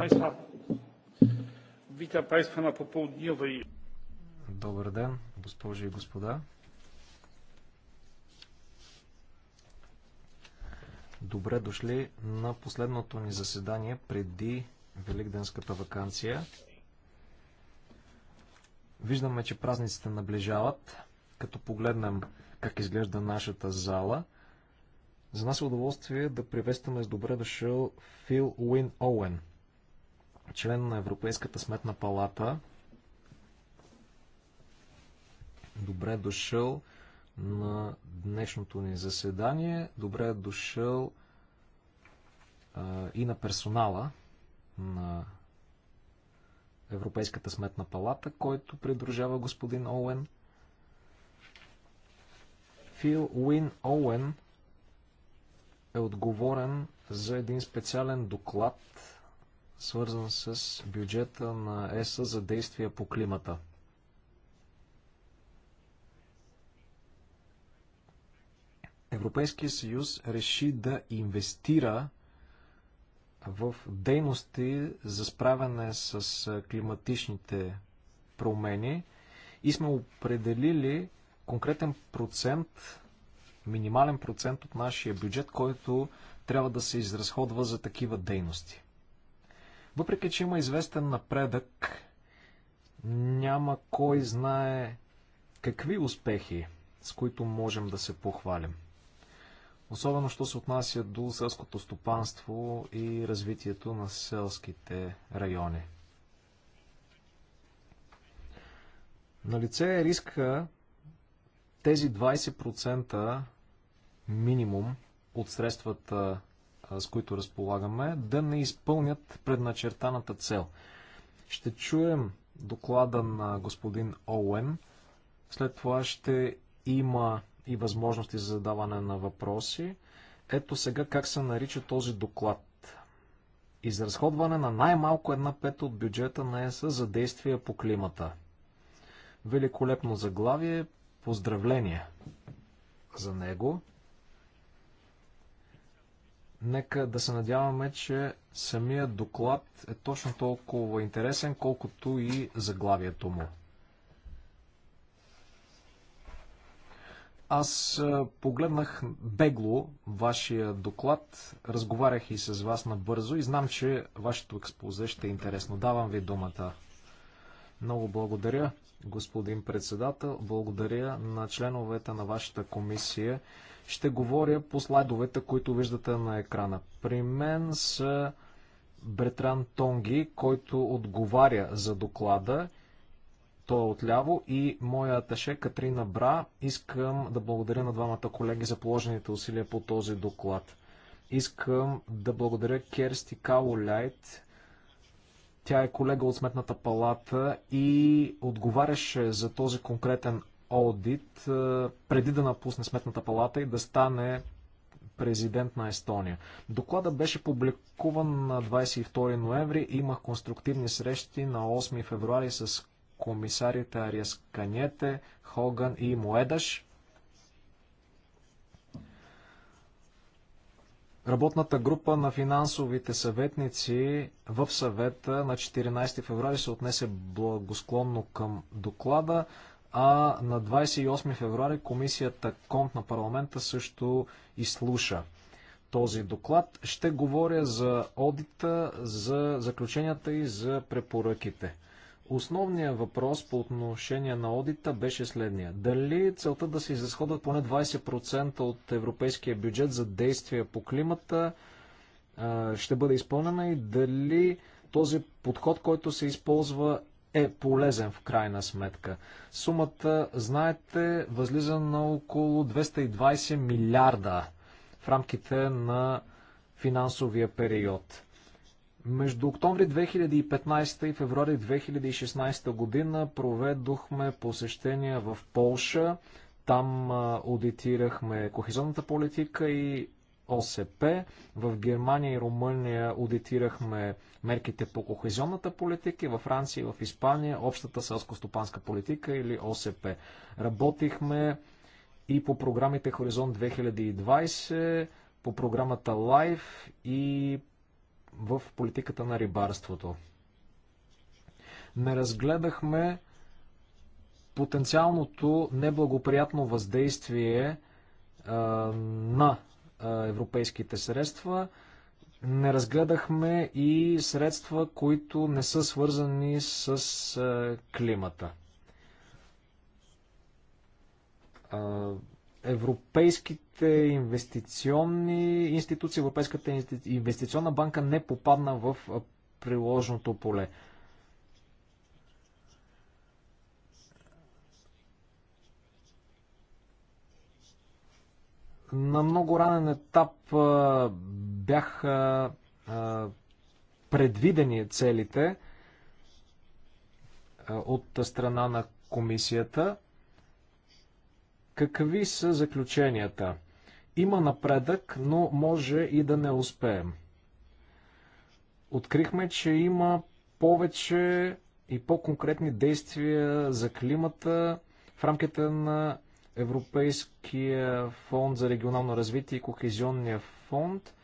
witam Państwa na popołudniowej. Добър ден, госпожи и господа. Добре дошли на последното ни заседание преди Великденската вакансия. Виждаме, че празниците наближават. Като погледнем как изглежда нашата зала – за нас е удоволствие да приветстваме с добре дошъл Фил Уин Оуен, член на Европейската сметна палата. Добре е дошъл на днешното ни заседание. Добре е дошъл а, и на персонала на Европейската сметна палата, който придружава господин Оуен. Фил Уин Оуен е отговорен за един специален доклад свързан с бюджета на ЕСА за действия по климата. Европейския съюз реши да инвестира в дейности за справяне с климатичните промени и сме определили конкретен процент, минимален процент от нашия бюджет, който трябва да се изразходва за такива дейности. Въпреки, че има известен напредък, няма кой знае какви успехи, с които можем да се похвалим. Особено, що се отнася до селското стопанство и развитието на селските райони. Налице е риска тези 20% минимум от средствата с които разполагаме, да не изпълнят предначертаната цел. Ще чуем доклада на господин Оуен. След това ще има и възможности за задаване на въпроси. Ето сега как се нарича този доклад. Изразходване на най-малко една пета от бюджета на ЕС за действия по климата. Великолепно заглавие. Поздравления за него. Нека да се надяваме, че самият доклад е точно толкова интересен, колкото и заглавието му. Аз погледнах бегло вашия доклад, разговарях и с вас набързо и знам, че вашето експозе ще е интересно. Давам ви думата. Много благодаря, господин председател. Благодаря на членовете на вашата комисия ще говоря по слайдовете, които виждате на екрана. При мен са Бретран Тонги, който отговаря за доклада. Той е отляво и моя аташе Катрина Бра. Искам да благодаря на двамата колеги за положените усилия по този доклад. Искам да благодаря Керсти Лайт, Тя е колега от Сметната палата и отговаряше за този конкретен одит преди да напусне Сметната палата и да стане президент на Естония. Доклада беше публикуван на 22 ноември. Имах конструктивни срещи на 8 февруари с комисарите Ариас Каньете, Хоган и Моедаш. Работната група на финансовите съветници в съвета на 14 февруари се отнесе благосклонно към доклада а на 28 февруари комисията Конт на парламента също изслуша този доклад. Ще говоря за одита, за заключенията и за препоръките. Основният въпрос по отношение на одита беше следния. Дали целта да се изразходват поне 20% от европейския бюджет за действия по климата ще бъде изпълнена и дали този подход, който се използва е полезен в крайна сметка. Сумата, знаете, възлиза на около 220 милиарда в рамките на финансовия период. Между октомври 2015 и февруари 2016 година проведохме посещения в Полша. Там аудитирахме кохезионната политика и ОСП. В Германия и Румъния аудитирахме мерките по кохезионната политика, във Франция и в Испания общата селско-стопанска политика или ОСП. Работихме и по програмите Хоризонт 2020, по програмата Лайф и в политиката на рибарството. Не разгледахме потенциалното неблагоприятно въздействие а, на европейските средства. Не разгледахме и средства, които не са свързани с климата. Европейските инвестиционни институции, Европейската инвестиционна банка не попадна в приложното поле. на много ранен етап бяха предвидени целите от страна на комисията. Какви са заключенията? Има напредък, но може и да не успеем. Открихме, че има повече и по-конкретни действия за климата в рамките на Европейския фонд за регионално развитие и Кохезионния фонд,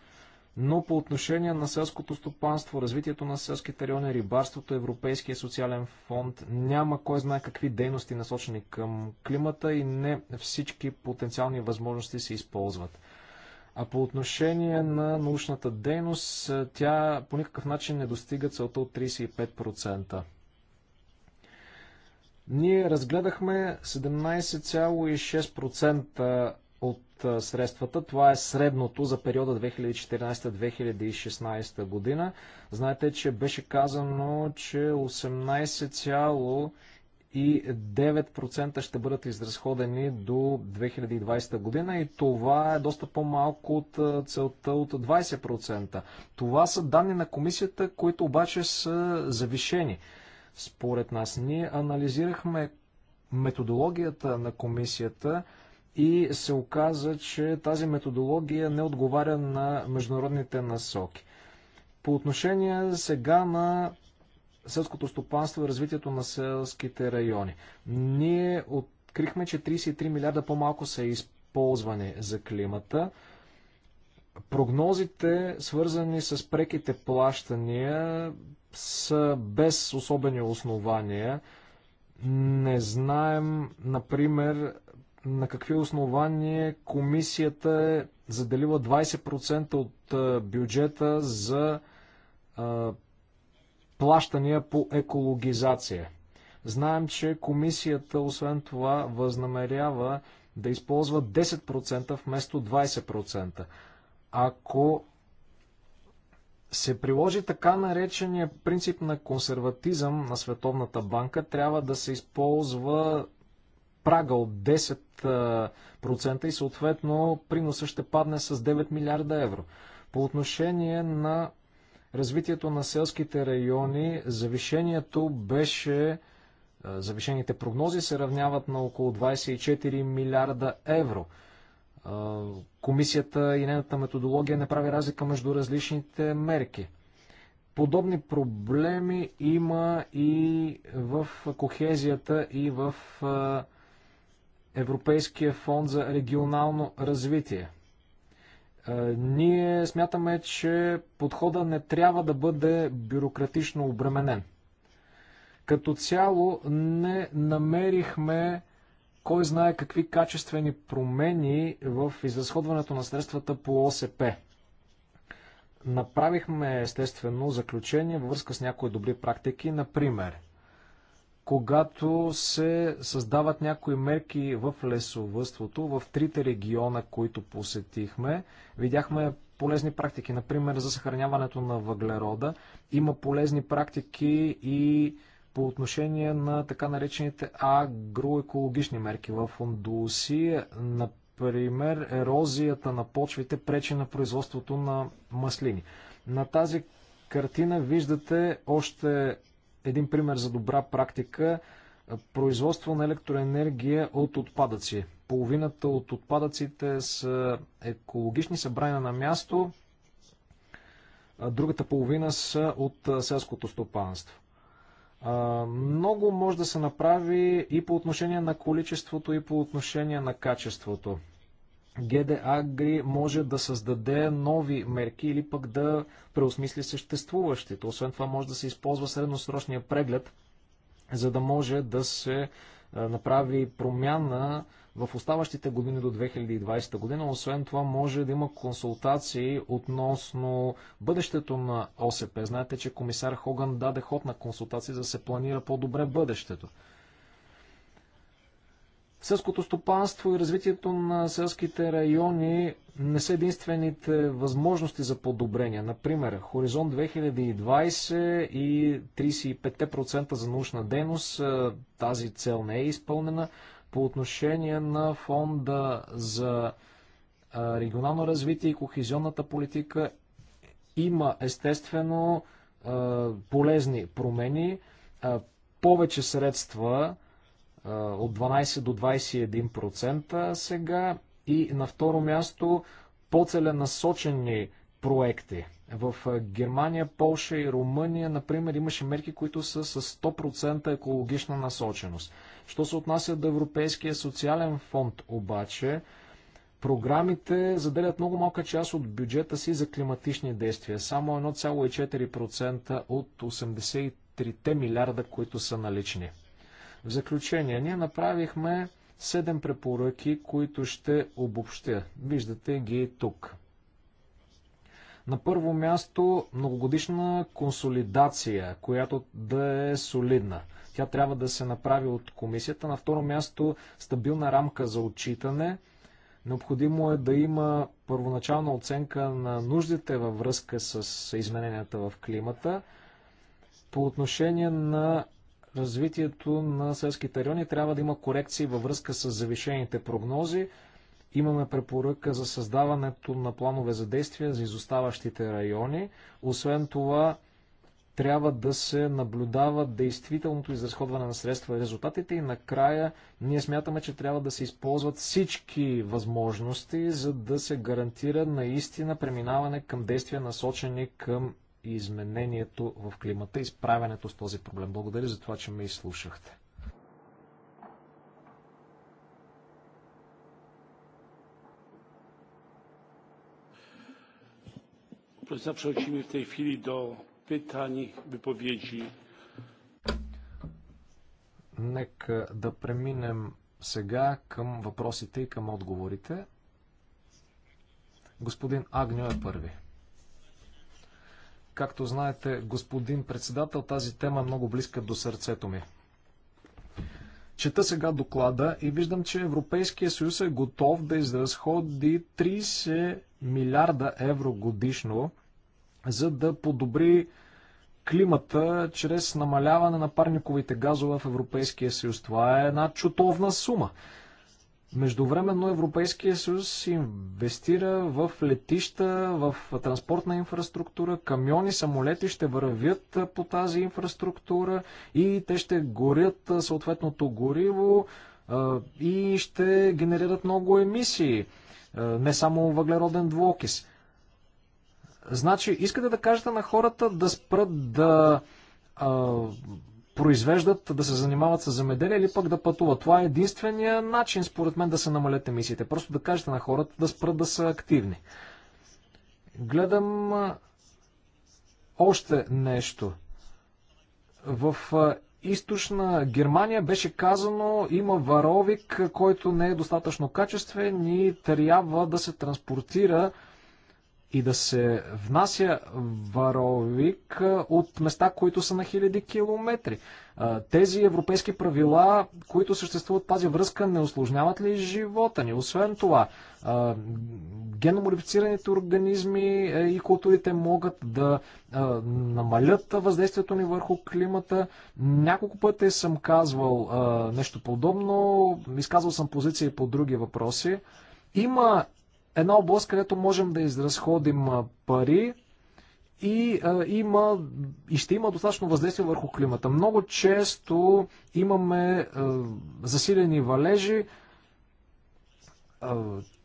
но по отношение на селското стопанство, развитието на селските райони, рибарството, Европейския социален фонд няма кой знае какви дейности насочени към климата и не всички потенциални възможности се използват. А по отношение на научната дейност, тя по никакъв начин не достига целта от 35%. Ние разгледахме 17,6% от средствата. Това е средното за периода 2014-2016 година. Знаете, че беше казано, че 18,9% ще бъдат изразходени до 2020 година и това е доста по-малко от целта от 20%. Това са данни на комисията, които обаче са завишени според нас. Ние анализирахме методологията на комисията и се оказа, че тази методология не отговаря на международните насоки. По отношение сега на селското стопанство и развитието на селските райони, ние открихме, че 33 милиарда по-малко са използвани за климата. Прогнозите, свързани с преките плащания, са без особени основания. Не знаем, например, на какви основания комисията е заделила 20% от бюджета за а, плащания по екологизация. Знаем, че комисията освен това възнамерява да използва 10% вместо 20%. Ако се приложи така наречения принцип на консерватизъм на Световната банка, трябва да се използва прага от 10% и съответно приноса ще падне с 9 милиарда евро. По отношение на развитието на селските райони, завишението беше завишените прогнози се равняват на около 24 милиарда евро. Комисията и нейната методология не прави разлика между различните мерки. Подобни проблеми има и в кохезията, и в Европейския фонд за регионално развитие. Ние смятаме, че подхода не трябва да бъде бюрократично обременен. Като цяло не намерихме кой знае какви качествени промени в изразходването на средствата по ОСП. Направихме естествено заключение във връзка с някои добри практики, например когато се създават някои мерки в лесовътството, в трите региона, които посетихме, видяхме полезни практики, например за съхраняването на въглерода. Има полезни практики и по отношение на така наречените агроекологични мерки в Ондуси. Например, ерозията на почвите пречи на производството на маслини. На тази картина виждате още един пример за добра практика производство на електроенергия от отпадъци. Половината от отпадъците са екологични, събрани на място, другата половина са от селското стопанство. Много може да се направи и по отношение на количеството, и по отношение на качеството. Агри може да създаде нови мерки или пък да преосмисли съществуващите. Освен това може да се използва средносрочния преглед, за да може да се направи промяна в оставащите години до 2020 година. Освен това, може да има консултации относно бъдещето на ОСП. Знаете, че комисар Хоган даде ход на консултации, за да се планира по-добре бъдещето. Селското стопанство и развитието на селските райони не са единствените възможности за подобрение. Например, Хоризонт 2020 и 35% за научна дейност, тази цел не е изпълнена. По отношение на фонда за регионално развитие и кохезионната политика има естествено полезни промени, повече средства от 12 до 21% сега и на второ място по-целенасочени проекти. В Германия, Полша и Румъния, например, имаше мерки, които са с 100% екологична насоченост. Що се отнася до Европейския социален фонд обаче, програмите заделят много малка част от бюджета си за климатични действия. Само 1,4% от 83-те милиарда, които са налични. В заключение, ние направихме седем препоръки, които ще обобщя. Виждате ги тук. На първо място многогодишна консолидация, която да е солидна. Тя трябва да се направи от комисията. На второ място стабилна рамка за отчитане. Необходимо е да има първоначална оценка на нуждите във връзка с измененията в климата. По отношение на развитието на селските райони. Трябва да има корекции във връзка с завишените прогнози. Имаме препоръка за създаването на планове за действия за изоставащите райони. Освен това, трябва да се наблюдава действителното изразходване на средства и резултатите и накрая ние смятаме, че трябва да се използват всички възможности, за да се гарантира наистина преминаване към действия насочени към и изменението в климата и справянето с този проблем. Благодаря за това, че ме изслушахте. Przechodzimy w tej chwili do pytań, wypowiedzi. Нека да преминем сега към въпросите и към отговорите. Господин Агньо е първи. Както знаете, господин председател, тази тема е много близка до сърцето ми. Чета сега доклада и виждам, че Европейския съюз е готов да изразходи 30 милиарда евро годишно, за да подобри климата чрез намаляване на парниковите газове в Европейския съюз. Това е една чутовна сума. Междувременно Европейския съюз инвестира в летища, в транспортна инфраструктура, камиони, самолети ще вървят по тази инфраструктура и те ще горят съответното гориво и ще генерират много емисии, не само въглероден двуокис. Значи, искате да кажете на хората да спрат да произвеждат, да се занимават с земеделие или пък да пътуват. Това е единствения начин, според мен, да се намалят емисиите. Просто да кажете на хората да спрат да са активни. Гледам още нещо. В източна Германия беше казано, има варовик, който не е достатъчно качествен и трябва да се транспортира и да се внася варовик от места, които са на хиляди километри. Тези европейски правила, които съществуват тази връзка, не осложняват ли живота ни? Освен това, геномодифицираните организми и културите могат да намалят въздействието ни върху климата. Няколко пъти съм казвал нещо подобно, изказвал съм позиции по други въпроси. Има една област, където можем да изразходим пари и, а, има, и ще има достатъчно въздействие върху климата. Много често имаме а, засилени валежи. А,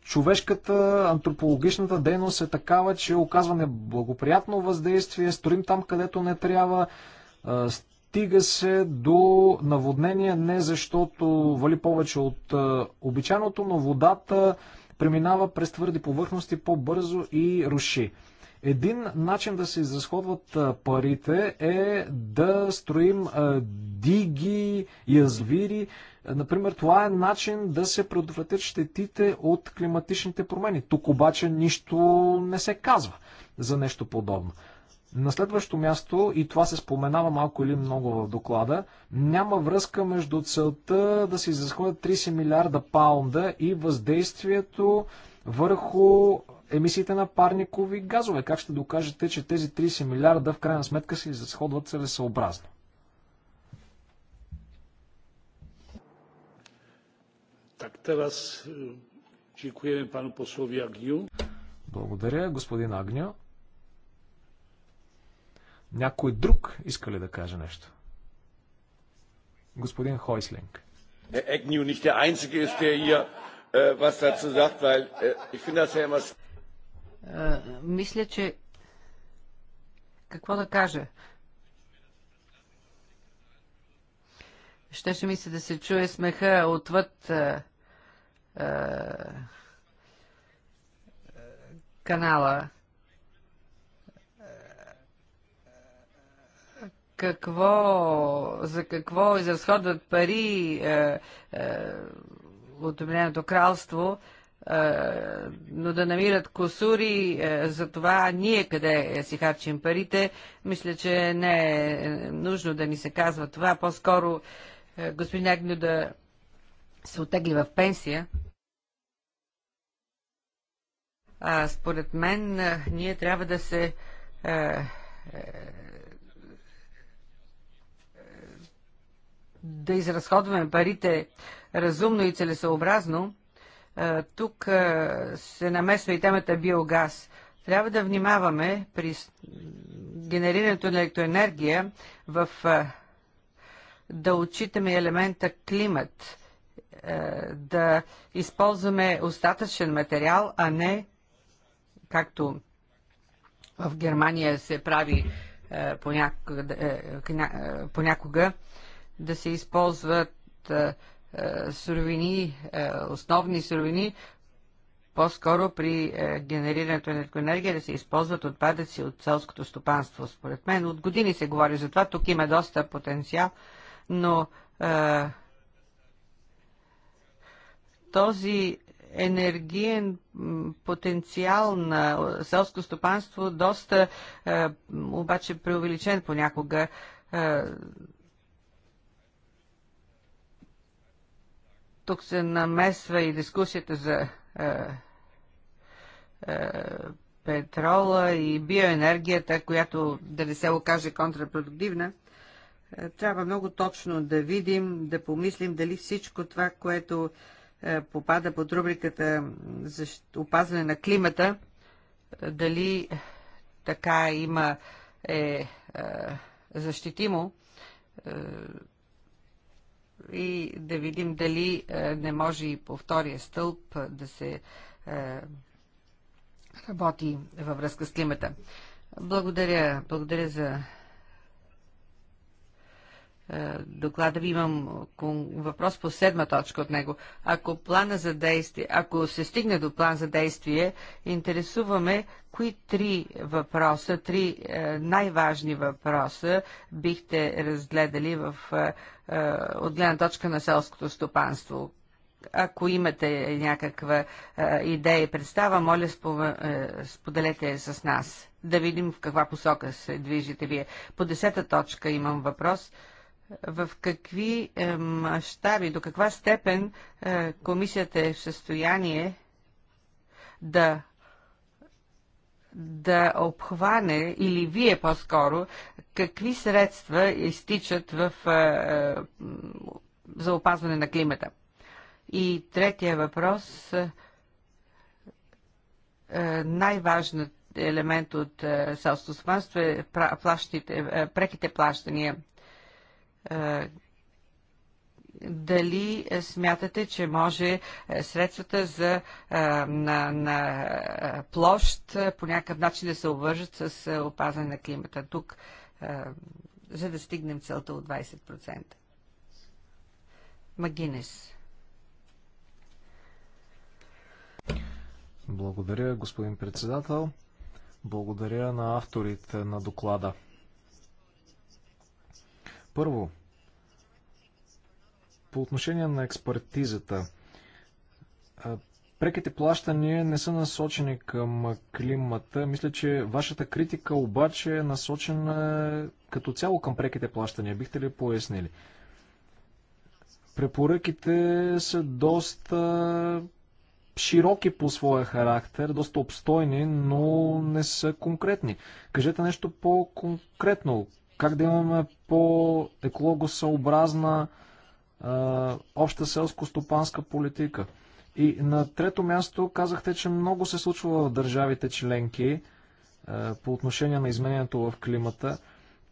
човешката антропологичната дейност е такава, че оказва неблагоприятно въздействие, строим там, където не трябва, а, стига се до наводнение не защото вали повече от а, обичайното, но водата а, преминава през твърди повърхности по-бързо и руши. Един начин да се изразходват парите е да строим диги, язвири. Например, това е начин да се предотвратят щетите от климатичните промени. Тук обаче нищо не се казва за нещо подобно. На следващо място, и това се споменава малко или много в доклада, няма връзка между целта да се изразходят 30 милиарда паунда и въздействието върху емисиите на парникови газове. Как ще докажете, че тези 30 милиарда в крайна сметка се изразходват целесъобразно? Так, teraz dziękujemy е, пану послови Агню. Благодаря, господин Агню. Някой друг иска ли да каже нещо? Господин Хойслинг. Екнио не е Einzige който е hier което äh, was dazu защото äh, э, Мисля, че... Какво да кажа? Щеше ми се да се чуе смеха отвъд а, е, а, е, канала. какво, за какво изразходват пари е, е, от Обединеното кралство, е, но да намират косури е, за това ние къде си харчим парите, мисля, че не е нужно да ни се казва това. По-скоро е, господин Агню да се отегли в пенсия. А, според мен е, ние трябва да се е, е, да изразходваме парите разумно и целесообразно, тук се намесва и темата биогаз. Трябва да внимаваме при генерирането на електроенергия в да отчитаме елемента климат, да използваме остатъчен материал, а не както в Германия се прави понякога, понякога да се използват суровини, основни суровини, по-скоро при генерирането на енергия да се използват отпадъци от селското стопанство. Според мен от години се говори за това, тук има доста потенциал, но е, този енергиен потенциал на селско стопанство доста е, обаче преувеличен понякога. Е, Тук се намесва и дискусията за е, е, петрола и биоенергията, която да не се окаже контрапродуктивна. Е, трябва много точно да видим, да помислим дали всичко това, което е, попада под рубриката за опазване на климата, е, дали така има е, е защитимо е, и да видим дали е, не може и по втория стълб е, да се е, работи във връзка с климата. Благодаря, благодаря за е, доклада ви имам въпрос по седма точка от него. Ако плана за действие, ако се стигне до план за действие, интересуваме кои три въпроса, три е, най-важни въпроса бихте разгледали в, е, от гледна точка на селското стопанство ако имате някаква идея и представа, моля споделете с нас. Да видим в каква посока се движите вие. По десета точка имам въпрос в какви е, мащаби, до каква степен е, комисията е в състояние да да обхване, или вие по-скоро, какви средства изтичат в, е, за опазване на климата. И третия въпрос, най-важният елемент от селско стопанство е преките плащания – е, дали смятате, че може е, средствата за, е, на, на площ по някакъв начин да се обвържат с опазване на климата тук, за да стигнем целта от 20%? Магинес. Благодаря, господин председател. Благодаря на авторите на доклада. Първо, по отношение на експертизата. Преките плащания не са насочени към климата. Мисля, че вашата критика обаче е насочена като цяло към преките плащания. Бихте ли пояснили? Препоръките са доста широки по своя характер, доста обстойни, но не са конкретни. Кажете нещо по-конкретно как да имаме по-екологосъобразна обща селско-стопанска политика. И на трето място казахте, че много се случва в държавите членки по отношение на изменението в климата.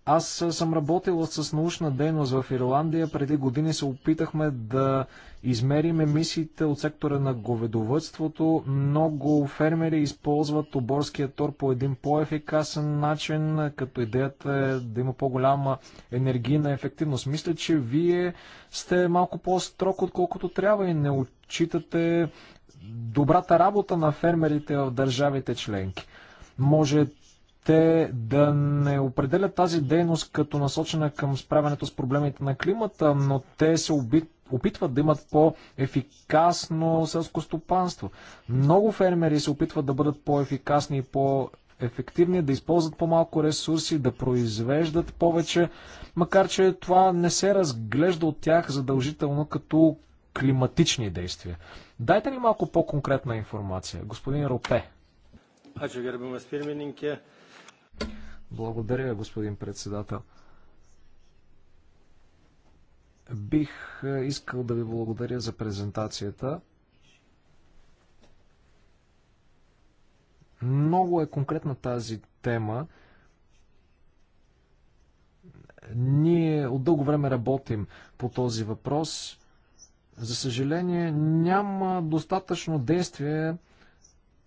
Аз съм работила с научна дейност в Ирландия. Преди години се опитахме да измерим емисиите от сектора на говедовътството. Много фермери използват оборския тор по един по-ефикасен начин, като идеята е да има по-голяма енергийна ефективност. Мисля, че вие сте малко по-строг, отколкото трябва и не отчитате добрата работа на фермерите в държавите членки. Може те да не определят тази дейност като насочена към справянето с проблемите на климата, но те се обид, опитват да имат по-ефикасно селско стопанство. Много фермери се опитват да бъдат по-ефикасни и по- ефективни, да използват по-малко ресурси, да произвеждат повече, макар че това не се разглежда от тях задължително като климатични действия. Дайте ни малко по-конкретна информация, господин Ропе. с gerbiamas pirmininkė. Благодаря, господин председател. Бих е, искал да ви благодаря за презентацията. Много е конкретна тази тема. Ние от дълго време работим по този въпрос. За съжаление, няма достатъчно действие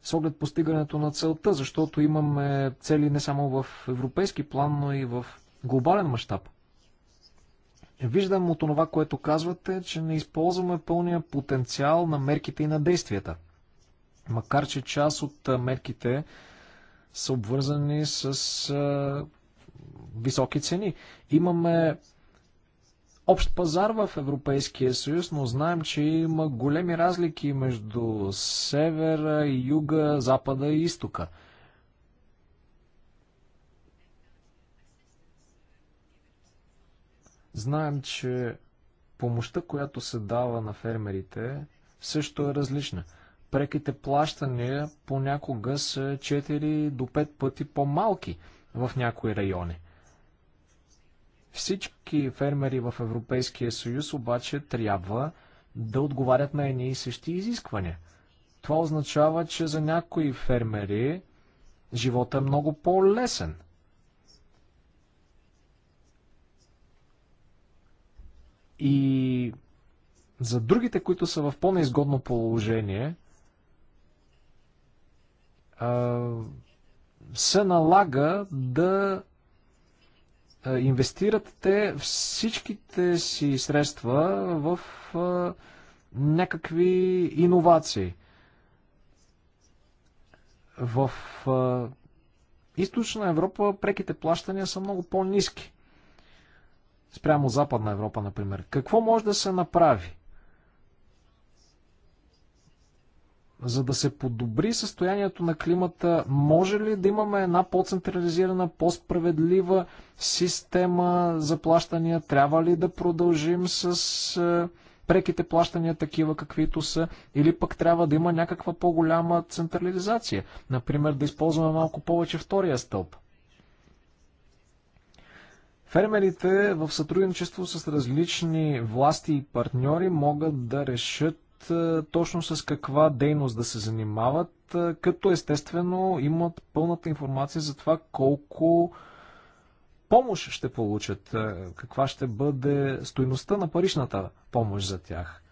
с оглед постигането на целта, защото имаме цели не само в европейски план, но и в глобален мащаб. Виждам от това, което казвате, че не използваме пълния потенциал на мерките и на действията. Макар, че част от мерките са обвързани с високи цени. Имаме общ пазар в Европейския съюз, но знаем, че има големи разлики между севера, юга, запада и изтока. Знаем, че помощта, която се дава на фермерите, също е различна. Преките плащания понякога са 4 до 5 пъти по-малки в някои райони – всички фермери в Европейския съюз обаче трябва да отговарят на едни и същи изисквания. Това означава, че за някои фермери живота е много по-лесен. И за другите, които са в по-неизгодно положение, се налага да е, инвестират те всичките си средства в е, някакви иновации. В е, източна Европа преките плащания са много по-низки. Спрямо Западна Европа, например. Какво може да се направи? за да се подобри състоянието на климата, може ли да имаме една по-централизирана, по-справедлива система за плащания? Трябва ли да продължим с е, преките плащания такива каквито са? Или пък трябва да има някаква по-голяма централизация? Например, да използваме малко повече втория стълб? Фермерите в сътрудничество с различни власти и партньори могат да решат е, точно с каква дейност да се занимават, е, като естествено имат пълната информация за това колко помощ ще получат, е, каква ще бъде стоиността на паричната помощ за тях.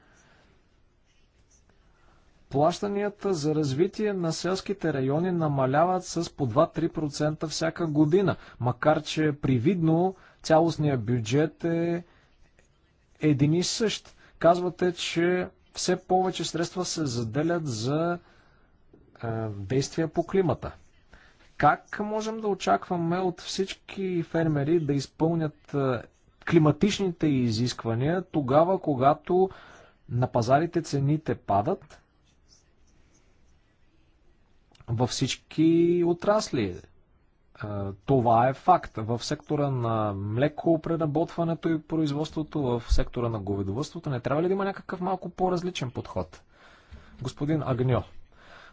Плащанията за развитие на селските райони намаляват с по 2-3% всяка година, макар че привидно цялостният бюджет е един и същ. Казвате, че все повече средства се заделят за а, действия по климата. Как можем да очакваме от всички фермери да изпълнят а, климатичните изисквания тогава, когато на пазарите цените падат във всички отрасли? Това е факт. В сектора на млеко преработването и производството, в сектора на говедовътството не трябва ли да има някакъв малко по-различен подход? Господин Агньо,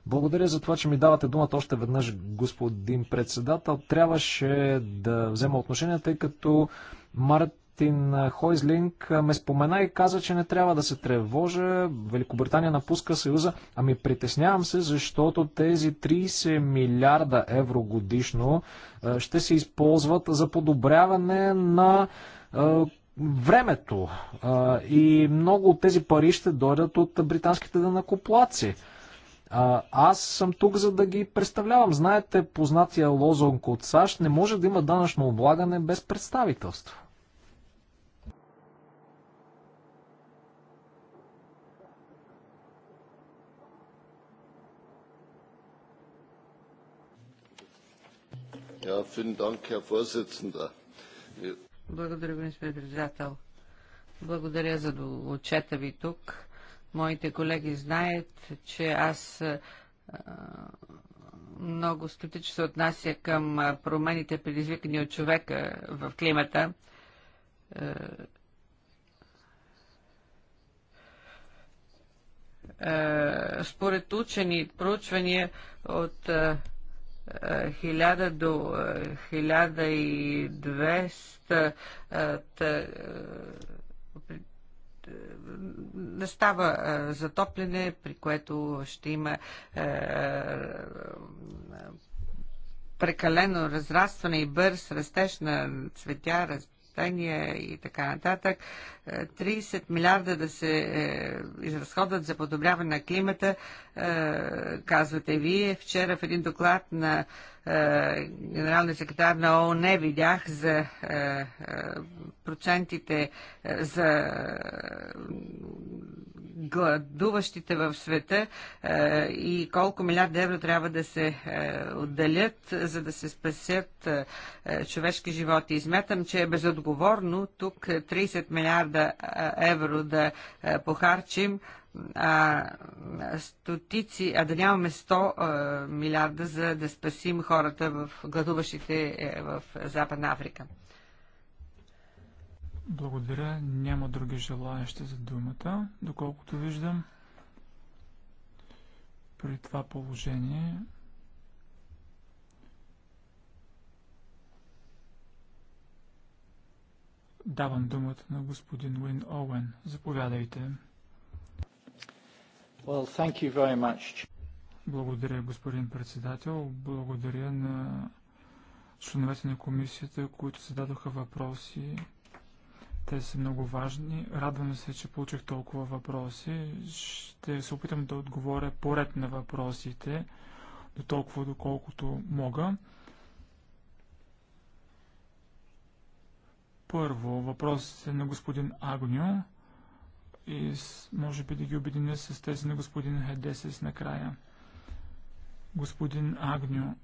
благодаря за това, че ми давате думата още веднъж, господин председател. Трябваше да взема отношение, тъй като Март Мартин Хойзлинг ме спомена и каза, че не трябва да се тревожа. Великобритания напуска Съюза. Ами притеснявам се, защото тези 30 милиарда евро годишно ще се използват за подобряване на времето. И много от тези пари ще дойдат от британските данакоплаци. аз съм тук, за да ги представлявам. Знаете, познатия лозунг от САЩ не може да има данъчно облагане без представителство. Благодаря, господин председател. Благодаря за отчета ви тук. Моите колеги знаят, че аз много скептично се отнася към промените, предизвикани от човека в климата. Според учени проучвания от 1000 до 1200 не е, е, е, става затопляне, при което ще има прекалено разрастване и бърз растеж на цветя, посещения и така нататък. 30 е, милиарда да се е, изразходват за подобряване на климата, е, казвате вие. Вчера в един доклад на генералния секретар на ООН видях за процентите за гладуващите в света е, и колко милиарда евро трябва да се е, отделят, за да се спасят е, човешки животи. И смятам, че е безотговорно тук 30 милиарда евро да похарчим, а, стотици, а да нямаме 100 милиарда за да спасим хората в гладуващите в Западна Африка. Благодаря. Няма други желаящи за думата, доколкото виждам. При това положение давам думата на господин Уин Оуен. Заповядайте. Well, thank you very much. Благодаря, господин председател. Благодаря на членовете на комисията, които зададоха въпроси те са много важни. Радвам се, че получих толкова въпроси. Ще се опитам да отговоря поред на въпросите, до толкова доколкото мога. Първо, въпросите на господин Агню и може би да ги обединя с тези на господин Хедесес накрая. Господин Агню,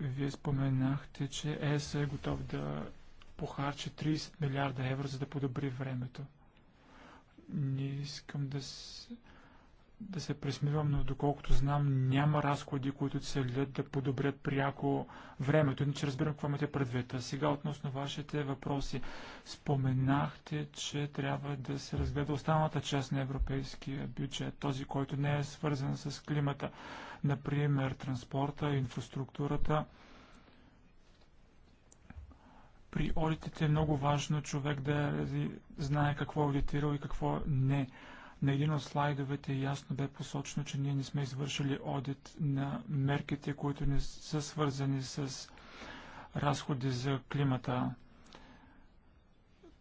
вие споменахте, че ЕС е готов да похарчи 30 милиарда евро, за да подобри времето. Не искам да се, да се пресмивам, но доколкото знам, няма разходи, които целят да подобрят пряко времето. Иначе разбирам какво имате предвид. А сега относно вашите въпроси. Споменахте, че трябва да се разгледа останалата част на европейския бюджет, този, който не е свързан с климата. Например, транспорта, инфраструктурата при одитите е много важно човек да знае какво е аудитирал и какво не. На един от слайдовете ясно бе посочено, че ние не сме извършили одит на мерките, които не са свързани с разходи за климата.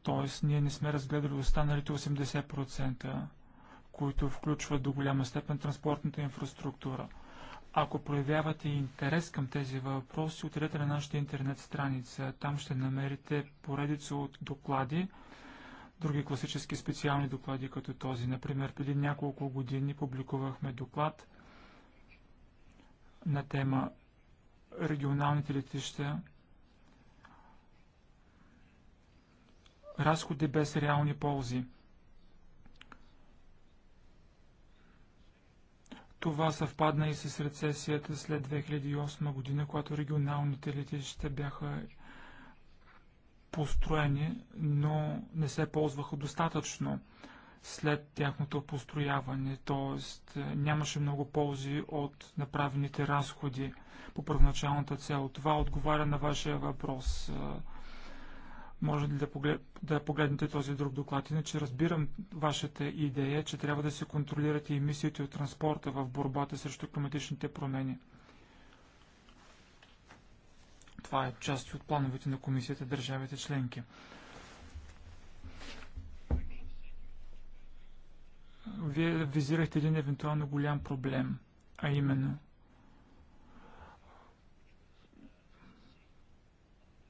Тоест, ние не сме разгледали останалите 80%, които включват до голяма степен транспортната инфраструктура – ако проявявате интерес към тези въпроси, отидете на нашата интернет страница. Там ще намерите поредица от доклади, други класически специални доклади като този. Например, преди няколко години публикувахме доклад на тема регионалните летища, разходи без реални ползи – Това съвпадна и с рецесията след 2008 година, когато регионалните летища бяха построени, но не се ползваха достатъчно след тяхното построяване, т.е. нямаше много ползи от направените разходи по първоначалната цел. Това отговаря на вашия въпрос. Е, може ли да, поглед, да погледнете този друг доклад? Иначе разбирам вашата идея, че трябва да се контролират и емисиите от транспорта в борбата срещу климатичните промени. Това е част от плановете на комисията държавите членки. Вие визирахте един евентуално голям проблем, а именно –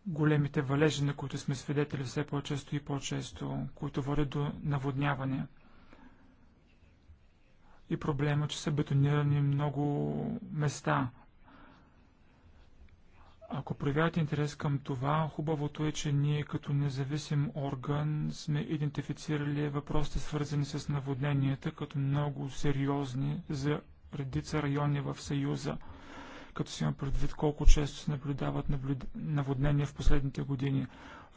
големите валежи, на които сме свидетели все по-често и по-често, които водят до наводняване. И проблема, е, че са бетонирани много места. Ако проявявате интерес към това, хубавото е, че ние като независим орган сме идентифицирали въпросите свързани с наводненията като много сериозни за редица райони в Съюза – като си има предвид колко често се наблюдават наводнения в последните години.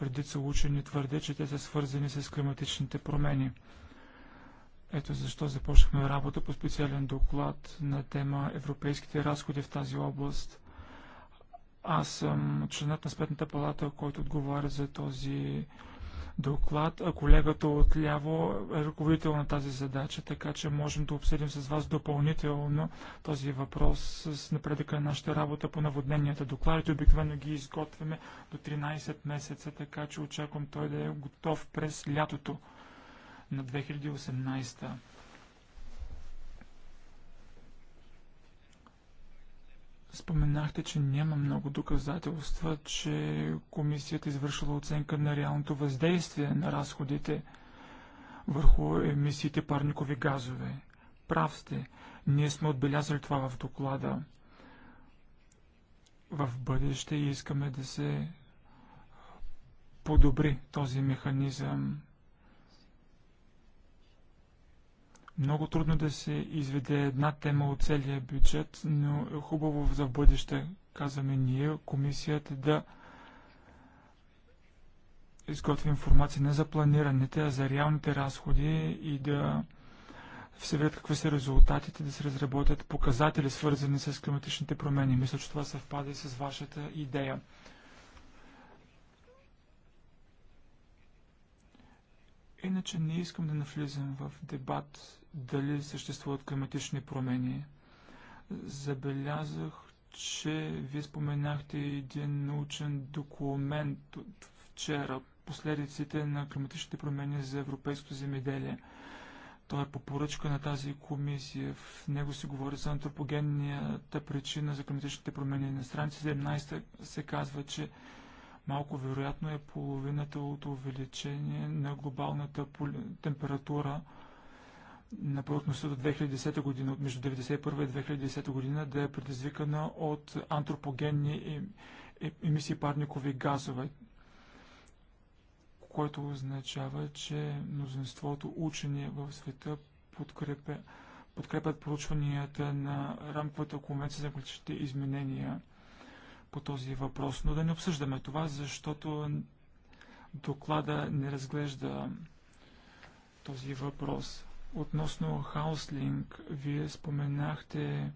Редица учени твърдят, че те са свързани с климатичните промени. Ето защо започнахме работа по специален доклад на тема Европейските разходи в тази област. Аз съм членът на Спетната палата, който отговаря за този доклад, а колегата отляво е ръководител на тази задача, така че можем да обсъдим с вас допълнително този въпрос с напредъка на нашата работа по наводненията. Докладите обикновено ги изготвяме до 13 месеца, така че очаквам той да е готов през лятото на 2018. Споменахте, че няма много доказателства, че комисията е извършила оценка на реалното въздействие на разходите върху емисиите парникови газове. Прав сте. Ние сме отбелязали това в доклада. В бъдеще искаме да се подобри този механизъм Много трудно да се изведе една тема от целия бюджет, но е хубаво за бъдеще, казваме ние, комисията да изготви информация не за планираните, а за реалните разходи и да се видят какви са резултатите, да се разработят показатели, свързани с климатичните промени. Мисля, че това съвпада и с вашата идея. Иначе не искам да навлизам в дебат дали съществуват климатични промени. Забелязах, че вие споменахте един научен документ от вчера последиците на климатичните промени за европейското земеделие. Той е по поръчка на тази комисия. В него се говори за антропогенната причина за климатичните промени. На страница 17 се казва, че малко вероятно е половината от увеличение на глобалната температура – на правителността до 2010 година, между 1991 и 2010 година, да е предизвикана от антропогенни емисии парникови газове, което означава, че мнозинството учени в света подкрепя, подкрепят проучванията на Рамковата конвенция за климатичните изменения по този въпрос. Но да не обсъждаме това, защото доклада не разглежда този въпрос. Относно хауслинг, вие споменахте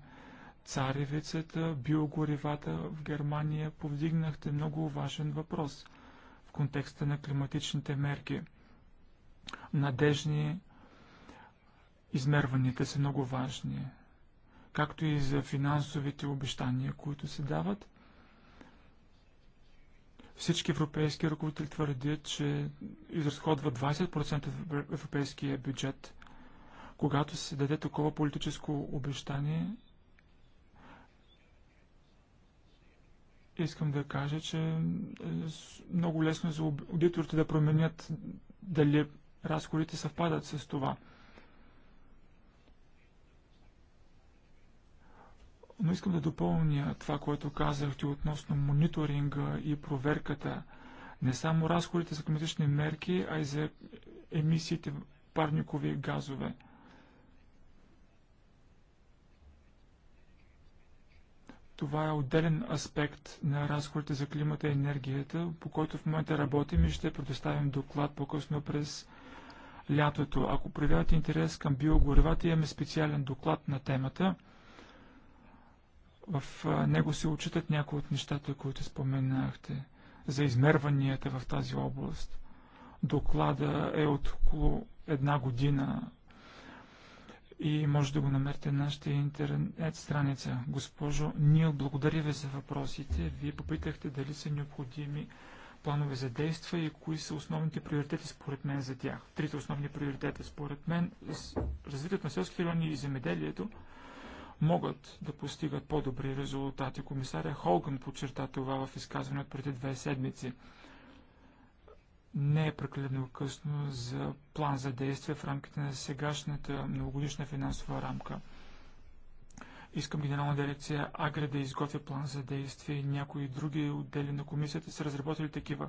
царевицата, биогоривата в Германия, повдигнахте много важен въпрос в контекста на климатичните мерки. Надежни измерванията са много важни, както и за финансовите обещания, които се дават. Всички европейски ръководители твърдят, че изразходват 20% от европейския бюджет – когато се даде такова политическо обещание, искам да кажа, че е много лесно за аудиторите да променят дали разходите съвпадат с това. Но искам да допълня това, което казахте относно мониторинга и проверката. Не само разходите за климатични мерки, а и за емисиите парникови газове. Това е отделен аспект на разходите за климата и енергията, по който в момента работим и ще предоставим доклад по-късно през лятото. Ако проявявате интерес към биогоревата, имаме специален доклад на темата. В него се отчитат някои от нещата, които споменахте за измерванията в тази област. Доклада е от около една година и може да го намерите на нашата интернет страница. Госпожо Нил, благодаря ви за въпросите. Вие попитахте дали са необходими планове за действа и кои са основните приоритети според мен за тях. Трите основни приоритета според мен развитието на селските райони и земеделието могат да постигат по-добри резултати. Комисаря Холган подчерта това в изказване от преди две седмици не е прекалено късно за план за действие в рамките на сегашната многогодишна финансова рамка. Искам Генерална дирекция Агри да изготвя план за действие и някои други отдели на комисията са разработили такива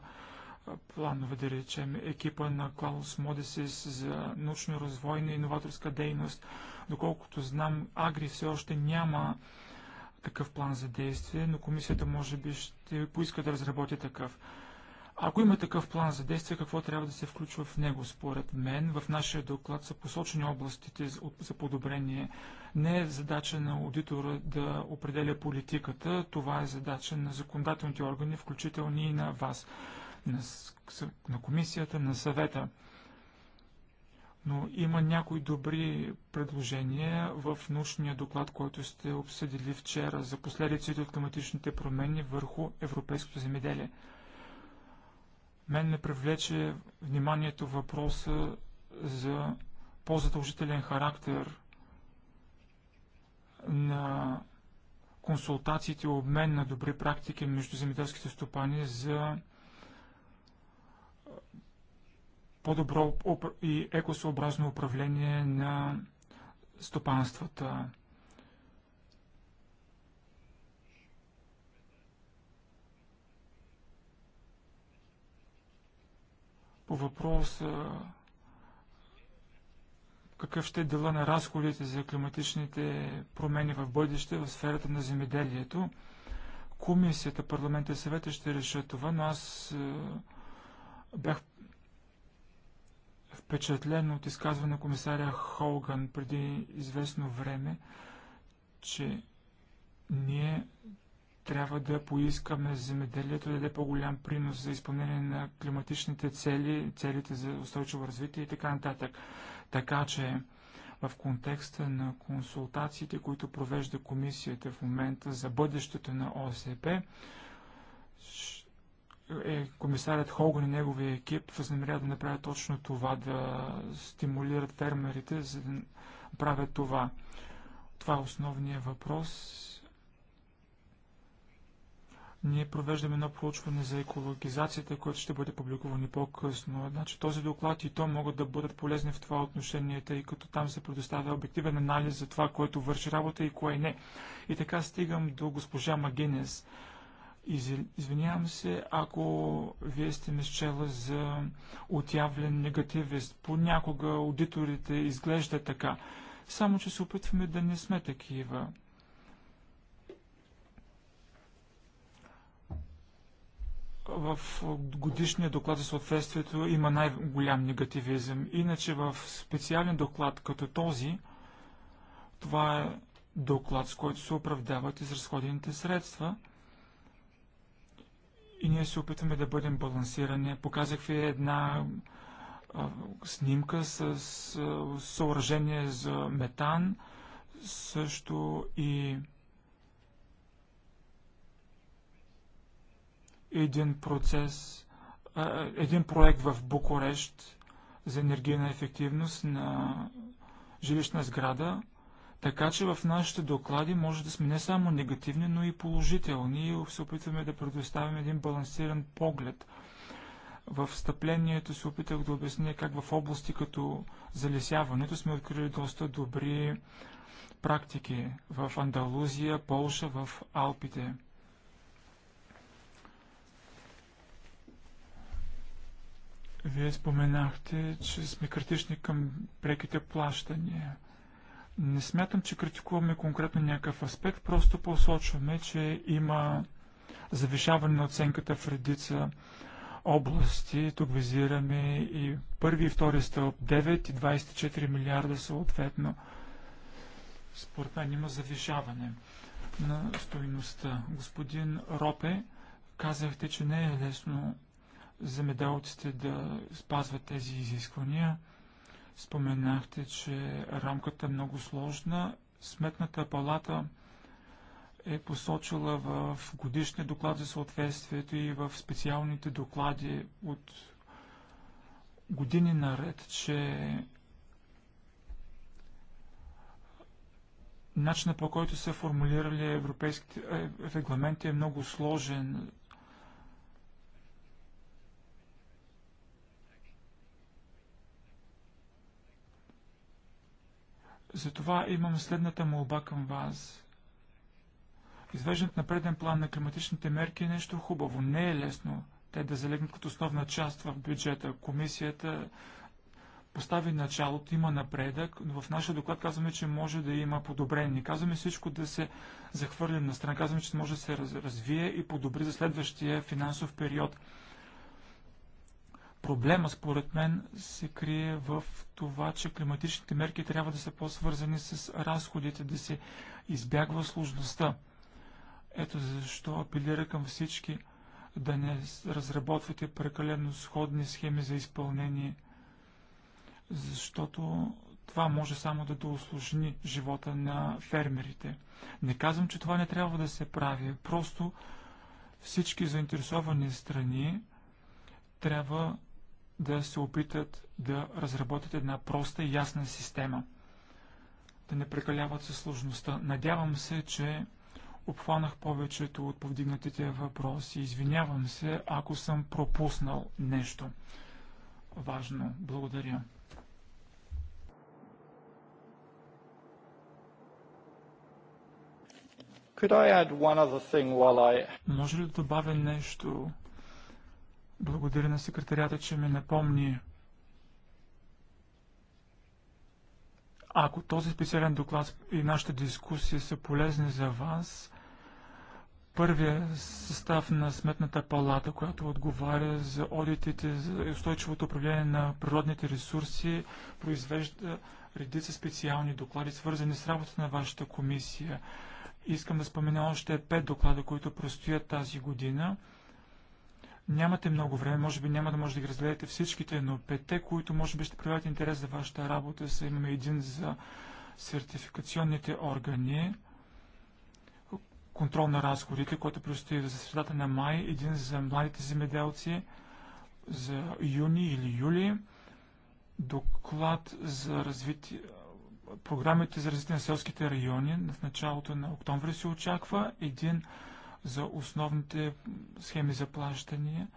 планове, да речем, екипа на Клаус Модесис за научно-развойна и иноваторска дейност. Доколкото знам, Агри все още няма такъв план за действие, но комисията може би ще поиска да разработи такъв. Ако има такъв план за действие, какво трябва да се включва в него? Според мен в нашия доклад са посочени областите за подобрение. Не е задача на аудитора да определя политиката, това е задача на законодателните органи, включително и на вас, на, на комисията, на съвета. Но има някои добри предложения в научния доклад, който сте обсъдили вчера за последиците от климатичните промени върху европейското земеделие. Мен ме привлече вниманието въпроса за по-задължителен характер на консултациите и обмен на добри практики между земеделските стопани за по-добро и екосъобразно управление на стопанствата. По въпроса какъв ще е дела на разходите за климатичните промени в бъдеще в сферата на земеделието. Комисията, парламента и съвета ще решат това, но аз е, бях впечатлен от изказване на комисаря Холган преди известно време, че ние трябва да поискаме земеделието да даде по-голям принос за изпълнение на климатичните цели, целите за устойчиво развитие и така нататък. Така че в контекста на консултациите, които провежда комисията в момента за бъдещето на ОСП, е, комисарят Хоган и неговия екип възнамеряват да направят точно това, да стимулират фермерите, за да правят това. Това е основният въпрос ние провеждаме едно проучване за екологизацията, което ще бъде публикувано по-късно. Значи, този доклад и то могат да бъдат полезни в това отношение, тъй като там се предоставя обективен анализ за това, което върши работа и кое не. И така стигам до госпожа Магенес. Извинявам се, ако вие сте ме счела за отявлен негативист. Понякога аудиторите изглежда така. Само, че се опитваме да не сме такива. в годишния доклад за съответствието има най-голям негативизъм. Иначе в специален доклад като този, това е доклад, с който се оправдават изразходените средства. И ние се опитваме да бъдем балансирани. Показах ви една а, снимка с а, съоръжение за метан, също и един процес, един проект в Букурещ за енергийна ефективност на жилищна сграда, така че в нашите доклади може да сме не само негативни, но и положителни и се опитваме да предоставим един балансиран поглед. В встъплението се опитах да обясня как в области като залесяването сме открили доста добри практики в Андалузия, Полша, в Алпите – Вие споменахте, че сме критични към преките плащания. Не смятам, че критикуваме конкретно някакъв аспект, просто посочваме, че има завишаване на оценката в редица области. Тук визираме и първи и втори стълб 9 и 24 милиарда съответно. Според мен има завишаване на стоиността. Господин Ропе, казахте, че не е лесно земеделците да спазват тези изисквания. Споменахте, че рамката е много сложна. Сметната палата е посочила в годишния доклад за съответствието и в специалните доклади от години наред, че начинът по който са формулирали европейските е, регламенти е много сложен Затова имам следната молба към вас. Извеждането на преден план на климатичните мерки е нещо хубаво. Не е лесно те да залегнат като основна част в бюджета. Комисията постави началото, има напредък, но в нашия доклад казваме, че може да има подобрение. Казваме всичко да се захвърли на страна, казваме, че може да се развие и подобри за следващия финансов период. Проблема, според мен, се крие в това, че климатичните мерки трябва да са по-свързани с разходите, да се избягва сложността. Ето защо апелира към всички да не разработвате прекалено сходни схеми за изпълнение, защото това може само да доосложни живота на фермерите. Не казвам, че това не трябва да се прави, просто всички заинтересовани страни трябва да се опитат да разработят една проста и ясна система. Да не прекаляват със сложността. Надявам се, че обхванах повечето от повдигнатите въпроси. Извинявам се, ако съм пропуснал нещо важно. Благодаря. I... Може ли да добавя нещо благодаря на секретарята, че ми напомни. Ако този специален доклад и нашата дискусия са полезни за вас, първият състав на Сметната палата, която отговаря за одитите за устойчивото управление на природните ресурси, произвежда редица специални доклади, свързани с работата на вашата комисия. Искам да спомена още пет доклада, които предстоят тази година – Нямате много време, може би няма да може да ги разгледате всичките, но петте, които може би ще проявят интерес за вашата работа, са имаме един за сертификационните органи, контрол на разходите, който предстои за средата на май, един за младите земеделци за юни или юли, доклад за развитие, програмите за развитие на селските райони в началото на октомври се очаква, един за основните схеми за плащания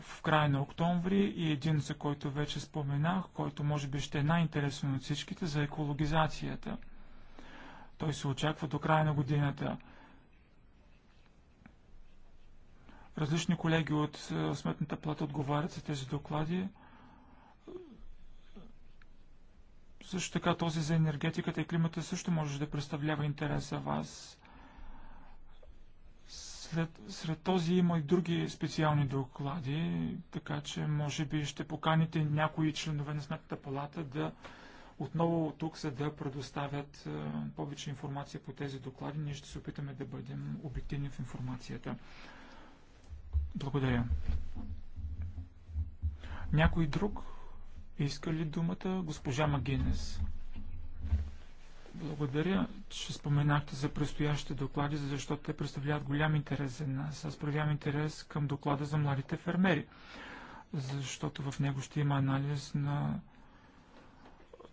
в края на октомври и един, за който вече споменах, който може би ще е най-интересен от всичките, за екологизацията. Той се очаква до края на годината. Различни колеги от е, Сметната плата отговарят за тези доклади. Също така този за енергетиката и климата също може да представлява интерес за вас. Сред, сред този има и други специални доклади, така че може би ще поканите някои членове на Сметната палата да отново тук са да предоставят е, повече информация по тези доклади. Ние ще се опитаме да бъдем обективни в информацията. Благодаря. Някой друг иска ли думата? Госпожа Магинес. Благодаря, че споменахте за предстоящите доклади, защото те представляват голям интерес за нас. Аз проявявам интерес към доклада за младите фермери, защото в него ще има анализ на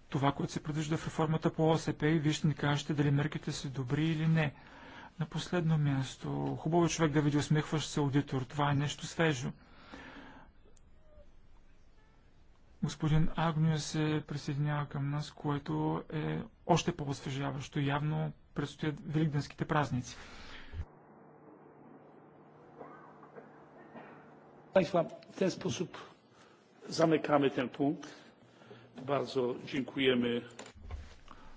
това, което се предвижда в реформата по ОСП и вие ще ни кажете дали мерките са добри или не. На последно място, хубаво е човек да види усмихващ се аудитор. Това е нещо свежо. Господин Агнио се присъединява към нас, което е още по-освежаващо. Явно предстоят великденските празници. Państwa, w ten sposób zamykamy ten punkt. Bardzo dziękujemy.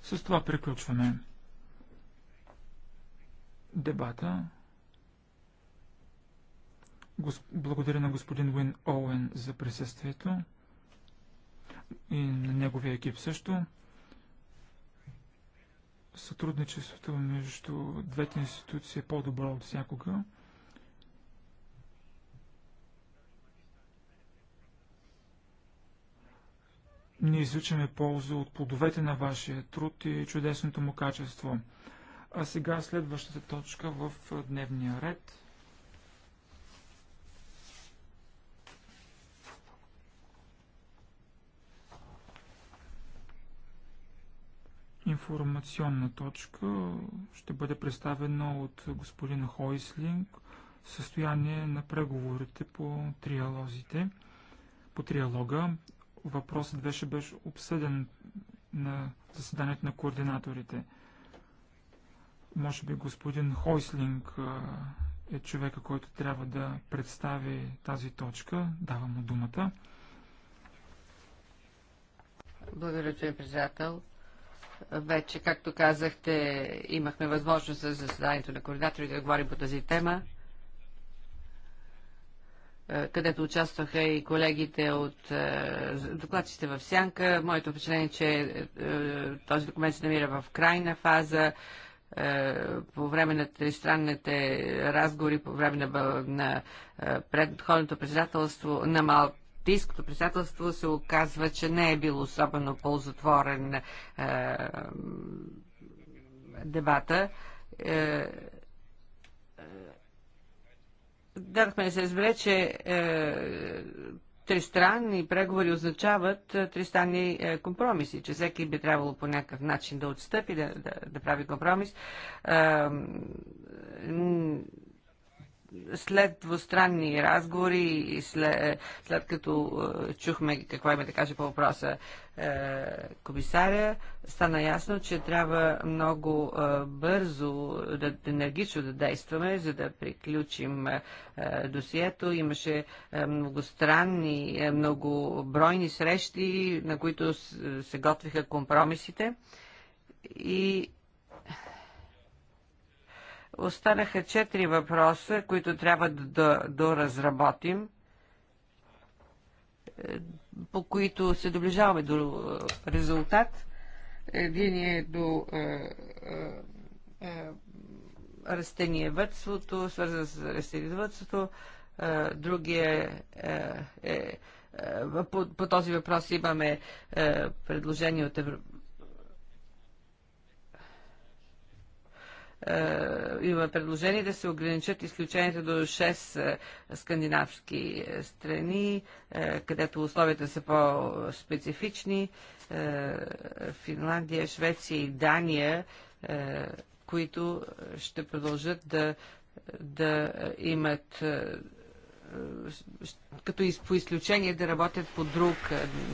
С това приключваме дебата. Гос... Благодаря на господин Уин Оуен за присъствието и на неговия екип също сътрудничеството между двете институции е по-добро от всякога. Ние изучаме полза от плодовете на вашия труд и чудесното му качество. А сега следващата точка в дневния ред – информационна точка ще бъде представена от господин Хойслинг състояние на преговорите по триалозите, по триалога. Въпросът беше, беше обсъден на заседанието на координаторите. Може би господин Хойслинг е човека, който трябва да представи тази точка. Давам му думата. Благодаря, е председател. Вече, както казахте, имахме възможност за заседанието на координаторите да говорим по тази тема, е, където участваха и колегите от е, докладчите в Сянка. Моето впечатление е, че е, този документ се намира в крайна фаза по време на тристранните разговори, по време на, на предходното председателство на Малта, Тийското председателство се оказва, че не е бил особено ползотворен е, дебата. Е, е Дадахме се избере, че е, тристранни преговори означават е, тристранни е, компромиси, че всеки би трябвало по някакъв начин да отстъпи, да, да, да прави компромис. Е, след двустранни разговори и след, след като е, чухме какво има да каже по въпроса е, комисаря, стана ясно, че трябва много е, бързо, да, енергично да действаме, за да приключим е, досието. Имаше е, многостранни, е, многобройни срещи, на които се готвиха компромисите и Останаха четири въпроса, които трябва да да, Да е, по които се доближаваме до е, резултат. Един е до е, е, е, растениевътството, свързан с растениевътството. Другия е, е, по, по този въпрос имаме предложение от Евро... Е, има предложение да се ограничат изключенията до 6 е, скандинавски е, страни, където условията са по-специфични. Финландия, Швеция и Дания, които ще продължат да, да имат като по изключение да работят по друг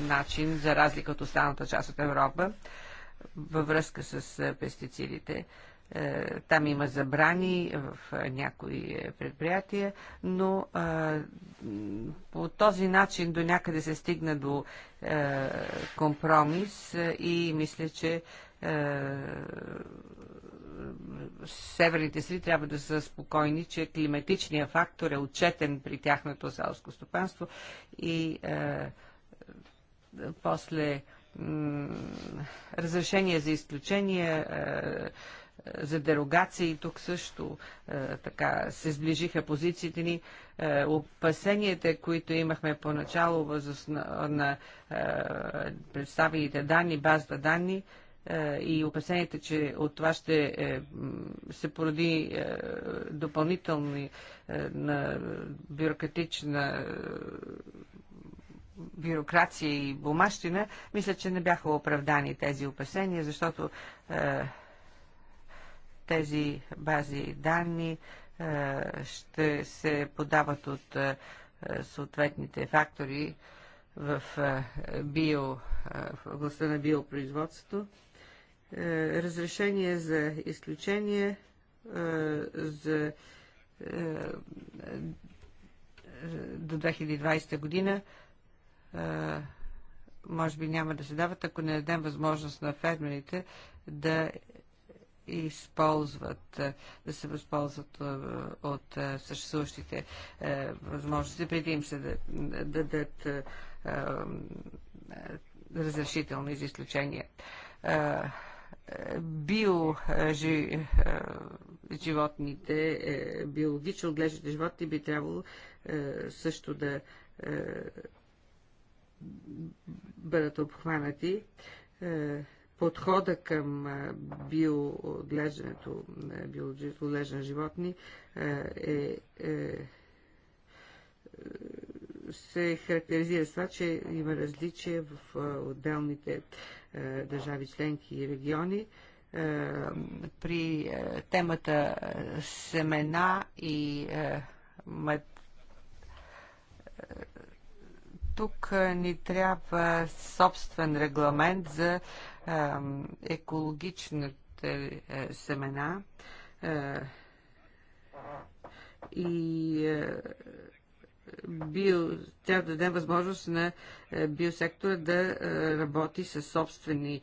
начин, за разлика от останалата част от Европа, във връзка с пестицидите. Е, там има забрани в е, някои е, предприятия, но по този начин до някъде се стигна до компромис и мисля, че северните сили трябва да са спокойни, че климатичният фактор е отчетен при тяхното селско стопанство и после разрешение за изключение е, за дерогации. Тук също е, така се сближиха позициите ни. Е, опасенията, които имахме поначало въз на, е, представените данни, базата данни, е, и опасенията, че от това ще е, се породи допълнителни на бюрократична бюрокрация и бумащина, мисля, че не бяха оправдани тези опасения, защото тези бази данни е, ще се подават от е, съответните фактори в, е, био, в областта на биопроизводството. Разрешение за изключение за до 2020 година може би няма да се дават, ако не дадем възможност на фермерите да използват, е, да се възползват е, от е, съществуващите възможности, преди им се да, дадат разрешително из изключение. Био животните, биологично отглеждащите животни би трябвало също да бъдат обхванати подхода към биоотглеждането, биологично на животни е, е, се характеризира с това, че има различия в отделните държави членки и региони. при темата семена и мат тук ни трябва собствен регламент за екологичните е, семена е, и е, био, тя даде възможност на биосектора да работи със собствени,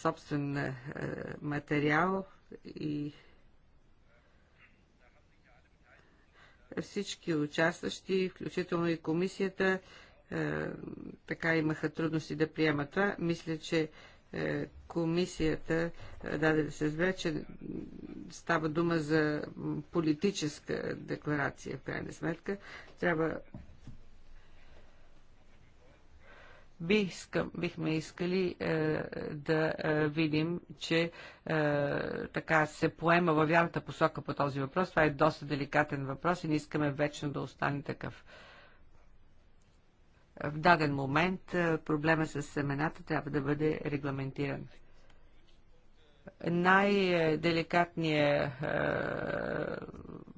собствен материал и всички участващи, включително и комисията, е, така имаха трудности да приемат това. Мисля, че е, комисията е, даде да се разбере, че става дума за политическа декларация в крайна сметка. Трябва бихме искали е, да е, видим, че е, така се поема във вярната посока по този въпрос. Това е доста деликатен въпрос и не искаме вечно да остане такъв в даден момент проблема с семената трябва да бъде регламентиран. Най-деликатният е,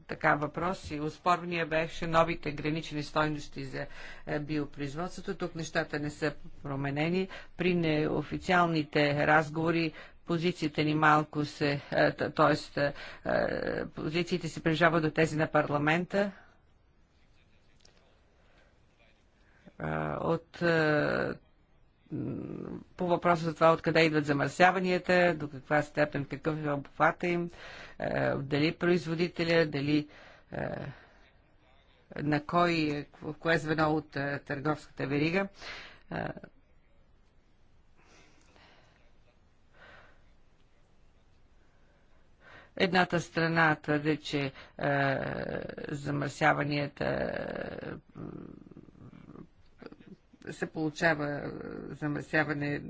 така въпрос и успорвания беше новите гранични стойности за биопроизводството. Тук нещата не са променени. При неофициалните разговори позициите ни малко се, т.е. позициите се прижават до тези на парламента, от по въпроса за това откъде идват замърсяванията, до каква степен, какъв е обхвата им, дали производителя, дали на кой, в кое звено от търговската верига. Едната страна твърде, че е, замърсяванията е, се получава е, замърсяване е,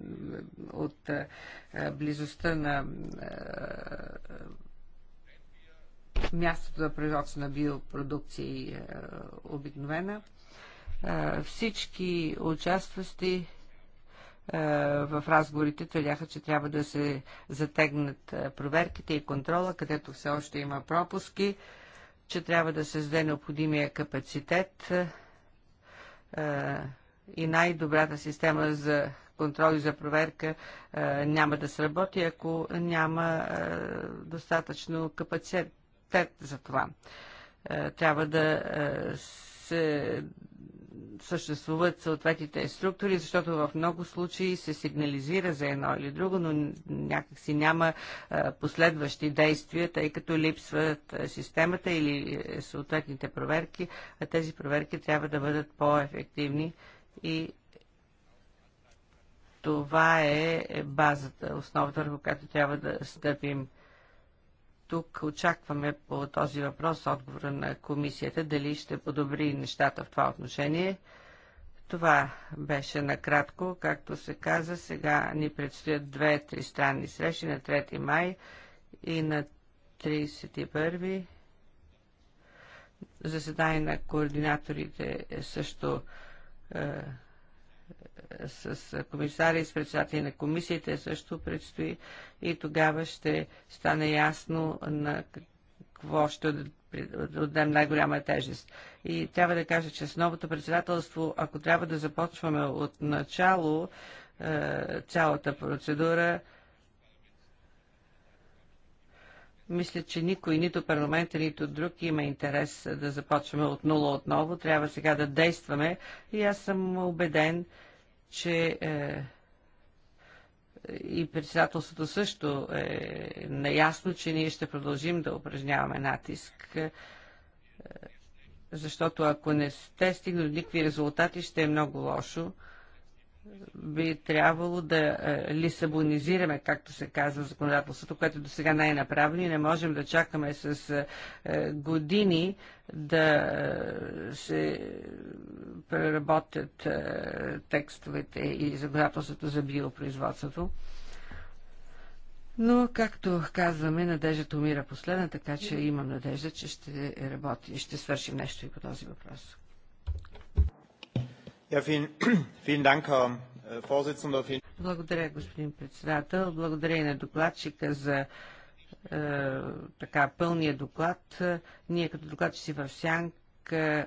от е, близостта на мястото на производство на биопродукции обикновена. Всички участващи в разговорите твърдяха, че трябва да се затегнат проверките и контрола, където все още има пропуски, че трябва да се създаде необходимия капацитет и най-добрата система за контрол и за проверка е, няма да сработи, ако няма е, достатъчно капацитет за това. Е, трябва да се съществуват съответните структури, защото в много случаи се сигнализира за едно или друго, но някакси няма последващи действия, тъй като липсват системата или съответните проверки, а тези проверки трябва да бъдат по-ефективни и това е базата, основата, върху която трябва да стъпим. Тук очакваме по този въпрос отговора на комисията, дали ще подобри нещата в това отношение. Това беше накратко, както се каза, сега ни предстоят две три странни срещи на 3 май и на 31 заседание на координаторите е също е, е, с комисари и с председатели на комисиите също предстои и тогава ще стане ясно на какво ще отдем най-голяма тежест. И трябва да кажа, че с новото председателство, ако трябва да започваме от начало е, цялата процедура, Мисля, че никой, нито парламента, нито друг има интерес да започваме от нула отново. Трябва сега да действаме и аз съм убеден, че е, и председателството също е наясно, че ние ще продължим да упражняваме натиск, е, защото ако не сте стигнали никакви резултати, ще е много лошо би трябвало да е, лисабонизираме, както се казва, законодателството, което до сега не е направено и не можем да чакаме с е, е, години да се преработят текстовете и законодателството за биопроизводството. Но, както казваме, надеждата умира последна, така че имам надежда, че ще работи, ще свършим нещо и по този въпрос. Äh, Благодаря, господин председател. Благодаря и на докладчика за е, така пълния доклад. Ние като докладчици в Сянка е,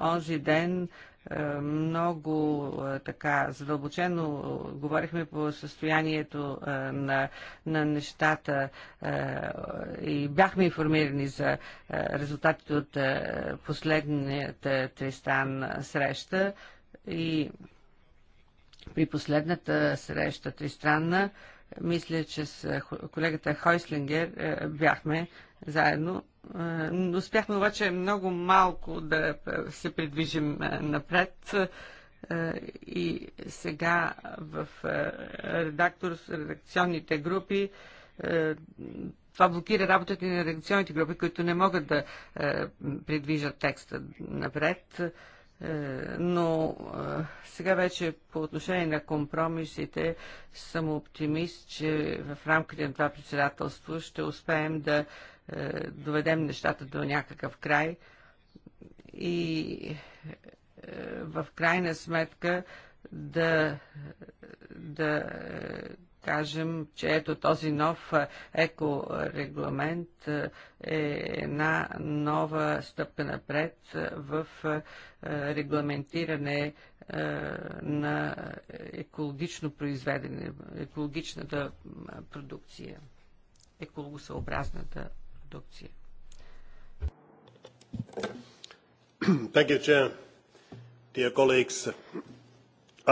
онзи ден е, много е, така задълбочено говорихме по състоянието е, на, на нещата и бяхме информирани за резултатите от последната Тристан среща и при последната среща Тристранна мисля, че с е, колегата Хойслингер е, бяхме заедно. Е, успяхме обаче много малко да се придвижим напред. И сега в редактор, редакционните групи това блокира работата на редакционните групи, които не могат да придвижат текста напред. Е, но е, сега вече по отношение на компромисите съм оптимист, че в рамките на това председателство ще успеем да е, доведем нещата до някакъв край и в крайна сметка да, да кажем, че ето този нов е, екорегламент е, е една нова стъпка напред е, в регламентиране на екологично произведене, екологичната продукция, екологосъобразната продукция. Thank you, Chair. Dear colleagues,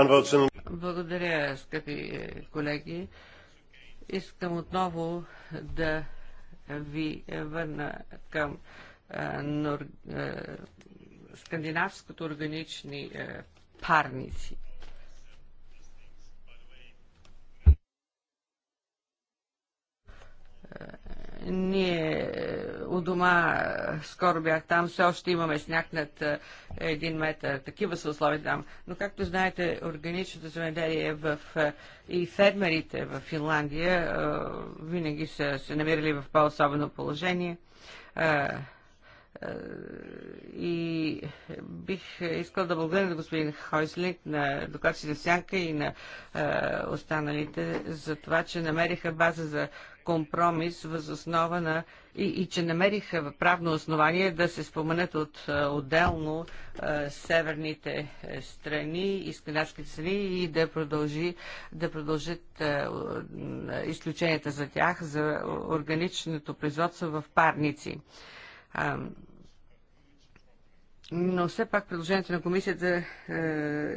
unfortunately... Благодаря, скъпи е, колеги. Искам отново да ви върна към а, е, нор... а, е, скандинавското органични а, парници. Ние у дома скоро бях там, все още имаме сняг над е, един метър. Такива са условия там. Но както знаете, органичното земеделие в, е, и фермерите в Финландия е, винаги са се намирали в по-особено положение е, и бих искал да благодаря на господин Хойслинг, на докладчите Сянка и на е, останалите за това, че намериха база за компромис възоснова на и, и че намериха правно основание да се споменат от е, отделно северните страни и скандинавските страни и да, продължи, да продължат изключенията за тях за органичното производство в парници но все пак предложението на комисията е,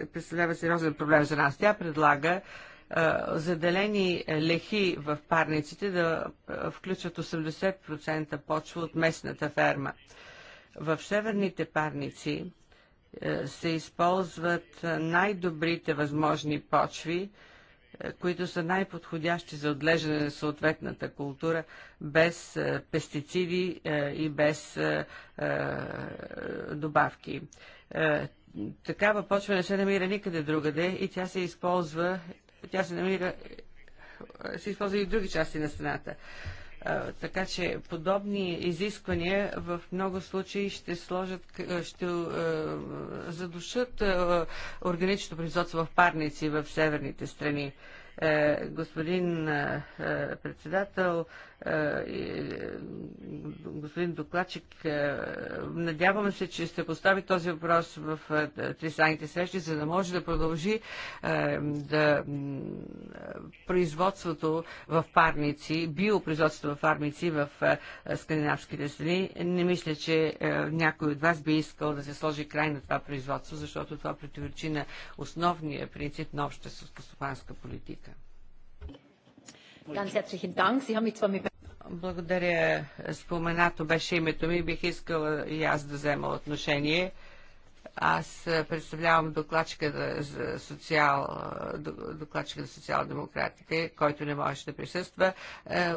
представлява сериозен проблем за нас. Тя предлага е, заделени лехи в парниците да е, включват 80% почва от местната ферма. В северните парници се използват най-добрите възможни почви, е, които са най-подходящи за отглеждане на съответната култура без е, пестициди е, и без добавки. Такава почва не се намира никъде другаде и тя се използва, тя се намира, се използва и в други части на страната. Така че подобни изисквания в много случаи ще сложат, ще задушат органичното производство в парници в северните страни. Е, господин е, е, председател, господин докладчик, надявам се, че ще постави този въпрос в тристранните срещи, за да може да продължи да производството в парници, биопроизводството в парници в скандинавските страни. Не мисля, че някой от вас би искал да се сложи край на това производство, защото това противоречи на основния принцип на общата стопанска политика. Благодаря. Споменато беше името ми. Бих искала и аз да взема отношение. Аз представлявам докладчика за социал, докладчика за социал-демократите, който не може да присъства. Е,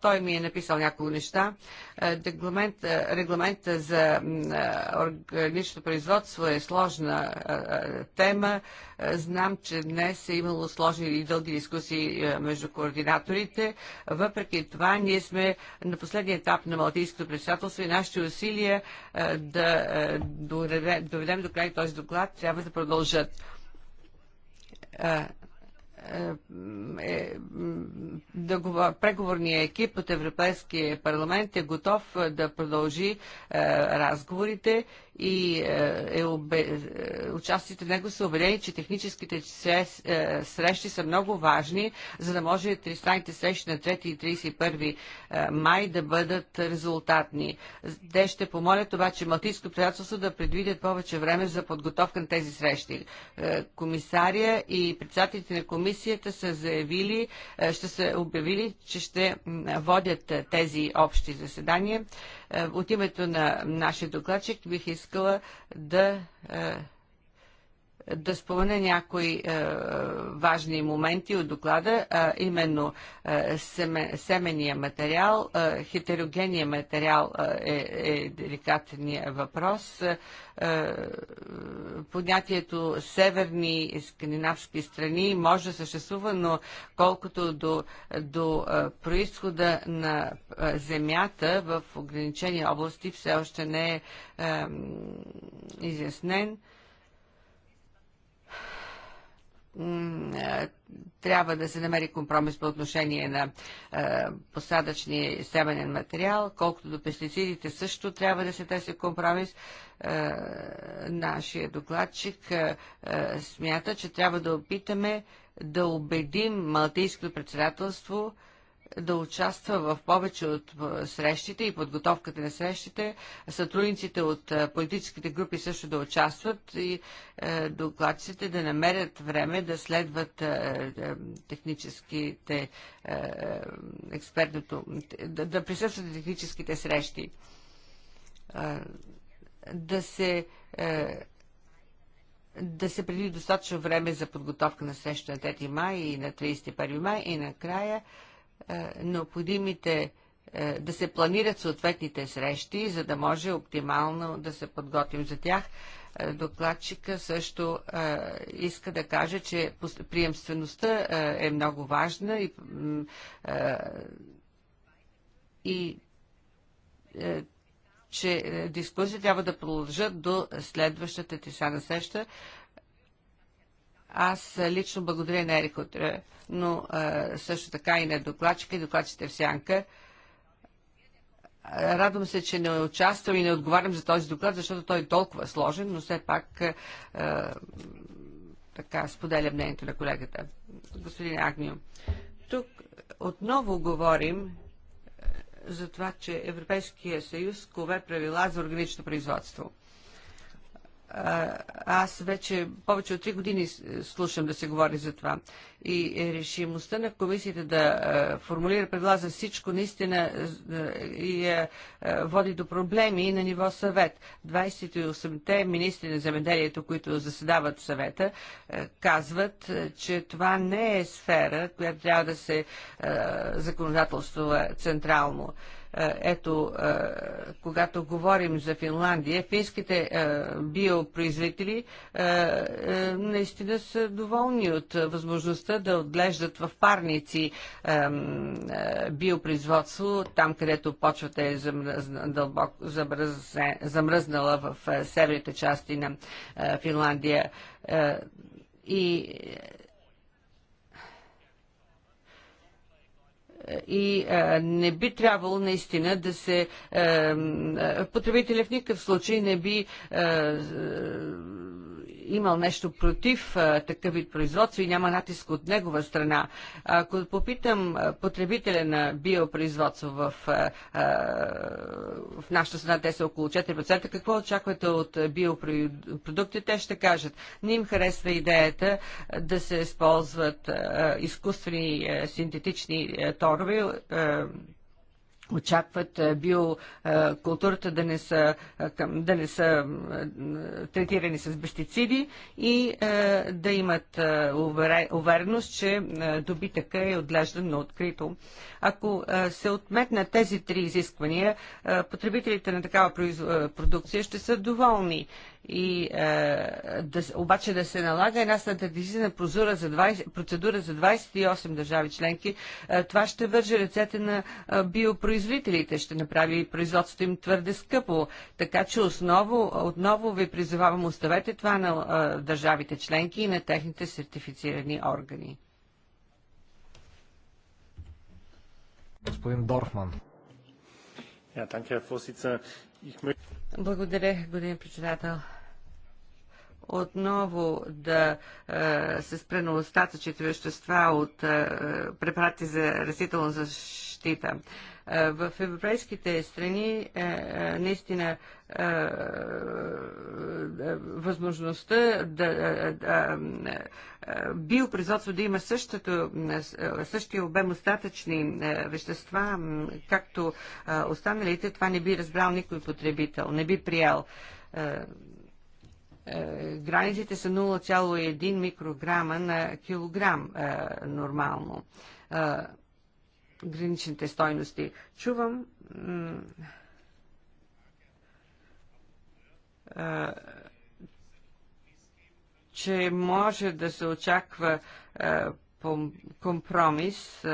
той ми е написал няколко неща. Регламент, е, е, регламента за органичното производство е сложна тема. Знам, че днес е имало сложни и дълги дискусии между координаторите. Въпреки това, ние сме на последния етап на Малтийското председателство и нашите усилия да доведем доведем до край този доклад, трябва да продължат Преговорният преговорния екип от Европейския парламент е готов да продължи разговорите и е, е обе... Е, участите в него са убедени, че техническите е, срещи са много важни, за да може тристранните срещи на 3 и 31 май да бъдат резултатни. Те ще помолят обаче Малтийско председателство да предвидят повече време за подготовка на тези срещи. Комисария и председателите на комисията са заявили, ще са обявили, че ще водят тези общи заседания. Е, от името на нашия докладчик бих искала да е, да спомена някои е, важни моменти от доклада, а именно е, семе, семения материал, е, хетерогения материал е, е, е деликатният въпрос. Е, е понятието северни скандинавски страни може да съществува, но колкото до, до е, происхода на земята в ограничени области все още не е, е изяснен. Е, е, трябва да се намери компромис по отношение на е, посадъчния семенен материал, колкото до пестицидите също трябва да се търси компромис. Е, нашия докладчик смята, че трябва да опитаме да убедим Малтийското председателство да участва в повече от срещите и подготовката на срещите, сътрудниците от политическите групи също да участват и докладците да намерят време да следват техническите експертното, да, присъстват на техническите срещи. Да се да се преди достатъчно време за подготовка на среща на 3 май и на 31 май и накрая е, необходимите е, да се планират съответните срещи, за да може оптимално да се подготвим за тях. Е, докладчика също иска да каже, че приемствеността е много важна и, и че дискусията трябва да продължат до следващата тиса на сеща, аз лично благодаря на Ерик, но също така и на докладчика и докладчите в Сянка. Радвам се, че не участвам и не отговарям за този доклад, защото той е толкова сложен, но все пак а, така споделя мнението на колегата. Господин Агнио, тук отново говорим за това, че Европейския съюз кове правила за органично производство аз вече повече от три години слушам да се говори за това и решимостта на комисията да формулира правила за всичко наистина и води до проблеми на ниво съвет. 28-те министри на земеделието, които заседават съвета, казват, че това не е сфера, която трябва да се законодателствува централно ето, когато говорим за Финландия, финските биопроизводители наистина са доволни от възможността възможността да отглеждат в парници е, е, биопроизводство, там където почвата е замръзна, дълбок, замръзна, замръзнала в северните части на е, Финландия. И и а, не би трябвало наистина да се... А, потребителя в никакъв случай не би а, имал нещо против такъв вид производство и няма натиск от негова страна. Ако попитам потребителя на биопроизводство в, в нашата страна, те са около 4%, какво очаквате от биопродукти, те ще кажат. Не им харесва идеята да се използват изкуствени синтетични торове, очакват биокултурата да не са, да не са третирани с пестициди и да имат увереност, че добитъка е отглеждан на открито. Ако се отметнат тези три изисквания, потребителите на такава продукция ще са доволни и е, да, обаче да се налага една стандартизирана процедура за 20, процедура за 28 държави членки, е, това ще върже ръцете на е, биопроизводителите, ще направи производството им твърде скъпо. Така че осново, отново ви призовавам, оставете това на е, държавите членки и на техните сертифицирани органи. Господин Дорфман. Ja, danke, Herr Vorsitzender. Благодаря, господин председател. Отново да е, се спре на остатъчните вещества от е, препарати за растителна защита. Е, в европейските страни е, е, наистина възможността да, да, биопроизводство да има същото, същия обем остатъчни вещества, както останалите, това не би разбрал никой потребител, не би приял. Границите са 0,1 микрограма на килограм нормално. Граничните стойности. Чувам че може да се очаква компромис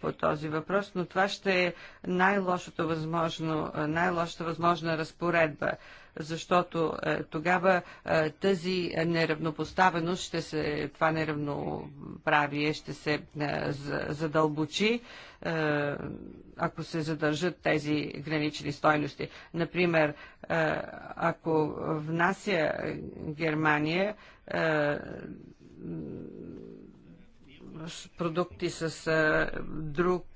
по този въпрос, но това ще е най-лошото възможно, най-лошата възможна разпоредба, защото тогава тази неравнопоставеност ще се, това неравноправие ще се задълбочи, ако се задържат тези гранични стойности. Например, ако внася Германия продукти с а, друг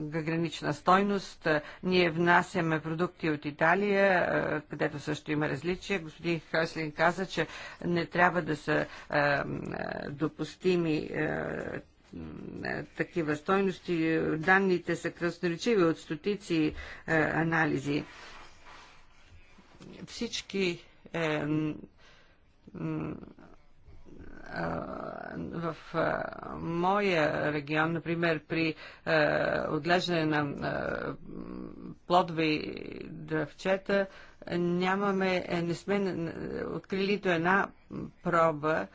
гранична стойност. Ние внасяме продукти от Италия, а, където също има различия. Господин Хаслин каза, че не трябва да са а, допустими а, такива стойности. Данните са красноречиви от стотици е, анализи. Всички е, в моя регион, например, при отглеждане на плодове и дравчета, нямаме, е, не сме открили нито една проба,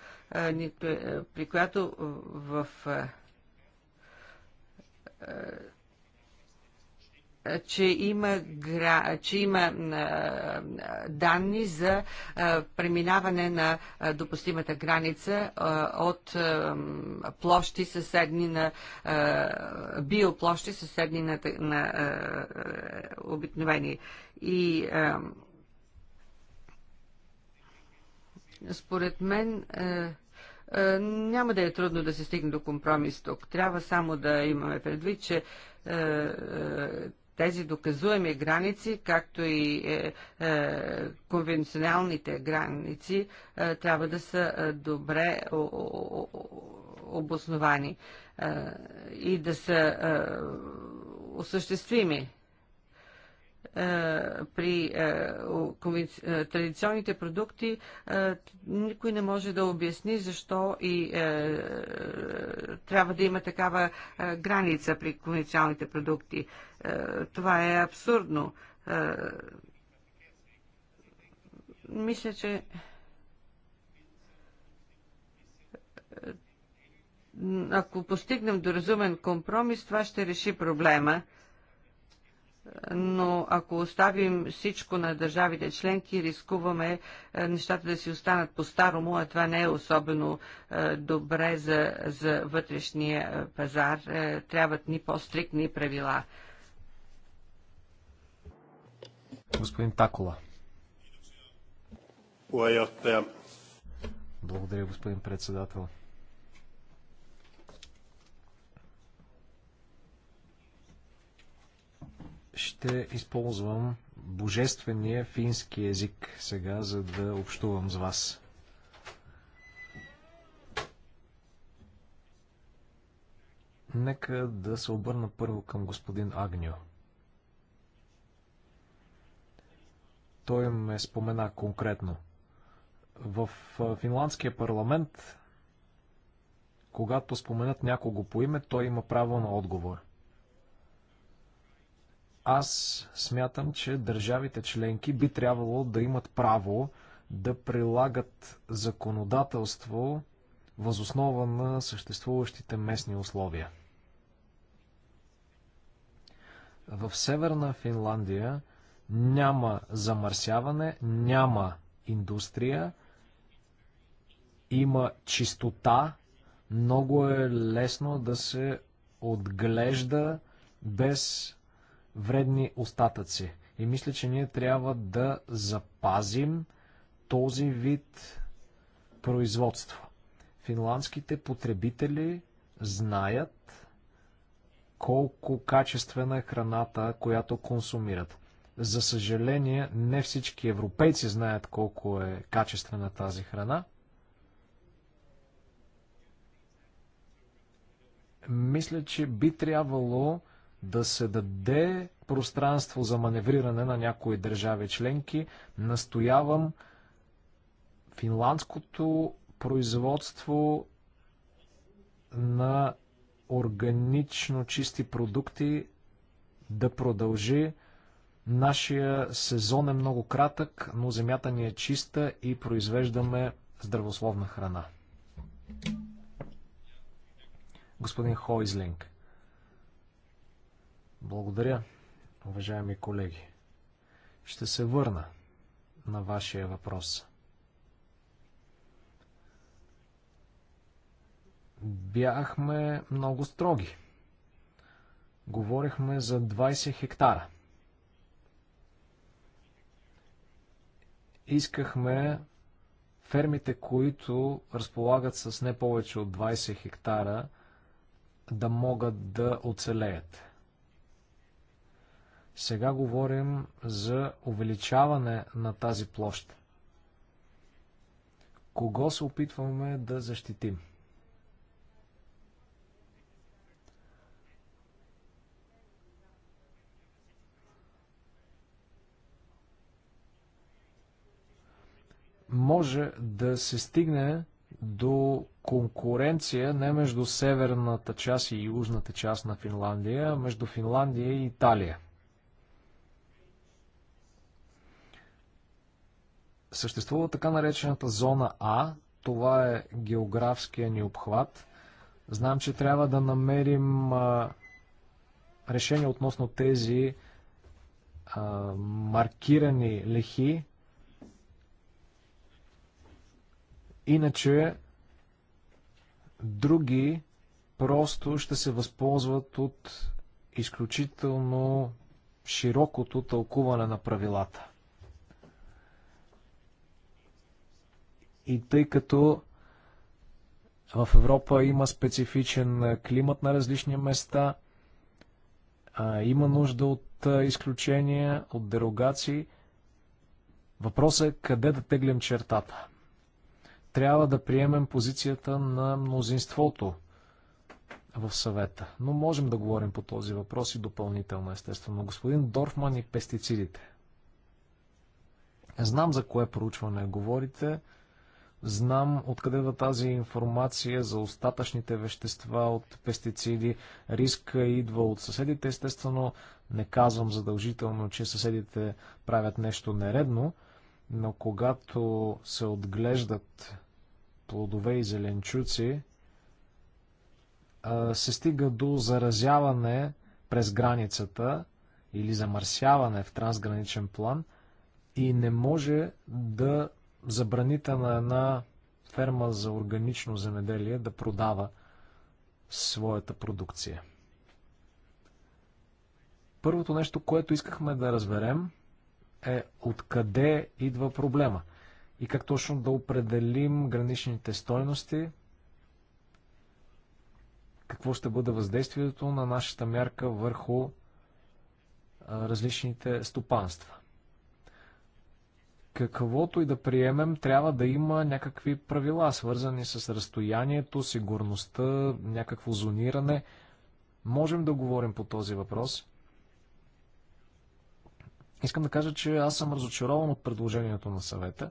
нито, е, при която в че има, гра... че има данни за преминаване на допустимата граница от площи съседни на биоплощи съседни на, на обикновени. И според мен няма да е трудно да се стигне до компромис тук. Трябва само да имаме предвид, че тези доказуеми граници, както и е, е, конвенционалните граници, е, трябва да са е, добре о, о, обосновани е, и да са е, осъществими е, при е, е, традиционните продукти никой не може да обясни защо и трябва да има такава граница при конвенционалните продукти. Това е абсурдно. Мисля, че ако постигнем до разумен компромис, това ще реши проблема но ако оставим всичко на държавите членки, рискуваме е, нещата да си останат по-старому, а това не е особено е, добре за, за вътрешния е, пазар. Трябват ни по-стрикни правила. Господин Такола. Благодаря, господин председател. ще използвам божествения фински език сега, за да общувам с вас. Нека да се обърна първо към господин Агньо. Той ме спомена конкретно. В финландския парламент, когато споменат някого по име, той има право на отговор – аз смятам, че държавите членки би трябвало да имат право да прилагат законодателство възоснова на съществуващите местни условия. В северна Финландия няма замърсяване, няма индустрия, има чистота, много е лесно да се отглежда без вредни остатъци. И мисля, че ние трябва да запазим този вид производство. Финландските потребители знаят колко качествена е храната, която консумират. За съжаление, не всички европейци знаят колко е качествена тази храна. Мисля, че би трябвало да се даде пространство за маневриране на някои държави членки. Настоявам финландското производство на органично чисти продукти да продължи. Нашия сезон е много кратък, но земята ни е чиста и произвеждаме здравословна храна. Господин Хойзлинг. Благодаря, уважаеми колеги. Ще се върна на вашия въпрос. Бяхме много строги. Говорихме за 20 хектара. Искахме фермите, които разполагат с не повече от 20 хектара, да могат да оцелеят. Сега говорим за увеличаване на тази площ. Кого се опитваме да защитим? може да се стигне до конкуренция не между северната част и южната част на Финландия, а между Финландия и Италия. Съществува така наречената зона А. Това е географския ни обхват. Знам, че трябва да намерим решение относно тези маркирани лехи. Иначе други просто ще се възползват от изключително широкото тълкуване на правилата. И тъй като в Европа има специфичен климат на различни места, има нужда от изключения, от дерогации. Въпросът е къде да теглим чертата. Трябва да приемем позицията на мнозинството в съвета. Но можем да говорим по този въпрос и допълнително, естествено. Господин Дорфман и пестицидите. Знам за кое проучване говорите. Знам откъде да тази информация за остатъчните вещества от пестициди. Риска идва от съседите. Естествено, не казвам задължително, че съседите правят нещо нередно, но когато се отглеждат плодове и зеленчуци, се стига до заразяване през границата или замърсяване в трансграничен план и не може да забраните на една ферма за органично земеделие да продава своята продукция. Първото нещо, което искахме да разберем е откъде идва проблема и как точно да определим граничните стойности, какво ще бъде въздействието на нашата мярка върху различните стопанства каквото и да приемем, трябва да има някакви правила, свързани с разстоянието, сигурността, някакво зониране. Можем да говорим по този въпрос. Искам да кажа, че аз съм разочарован от предложението на съвета.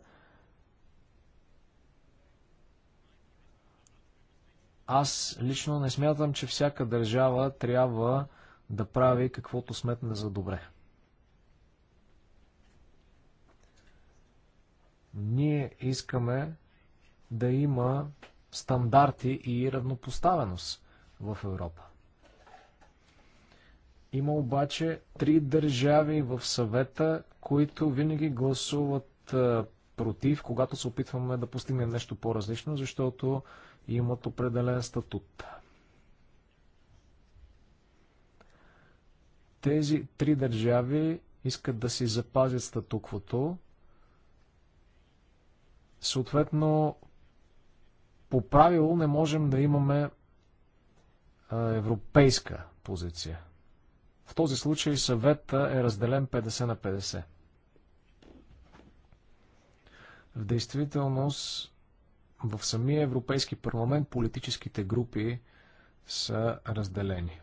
Аз лично не смятам, че всяка държава трябва да прави каквото сметне за добре. Ние искаме да има стандарти и равнопоставеност в Европа. Има обаче три държави в съвета, които винаги гласуват против, когато се опитваме да постигнем нещо по-различно, защото имат определен статут. Тези три държави искат да си запазят статуквото, Съответно, по правило не можем да имаме европейска позиция. В този случай съвета е разделен 50 на 50. В действителност, в самия Европейски парламент политическите групи са разделени.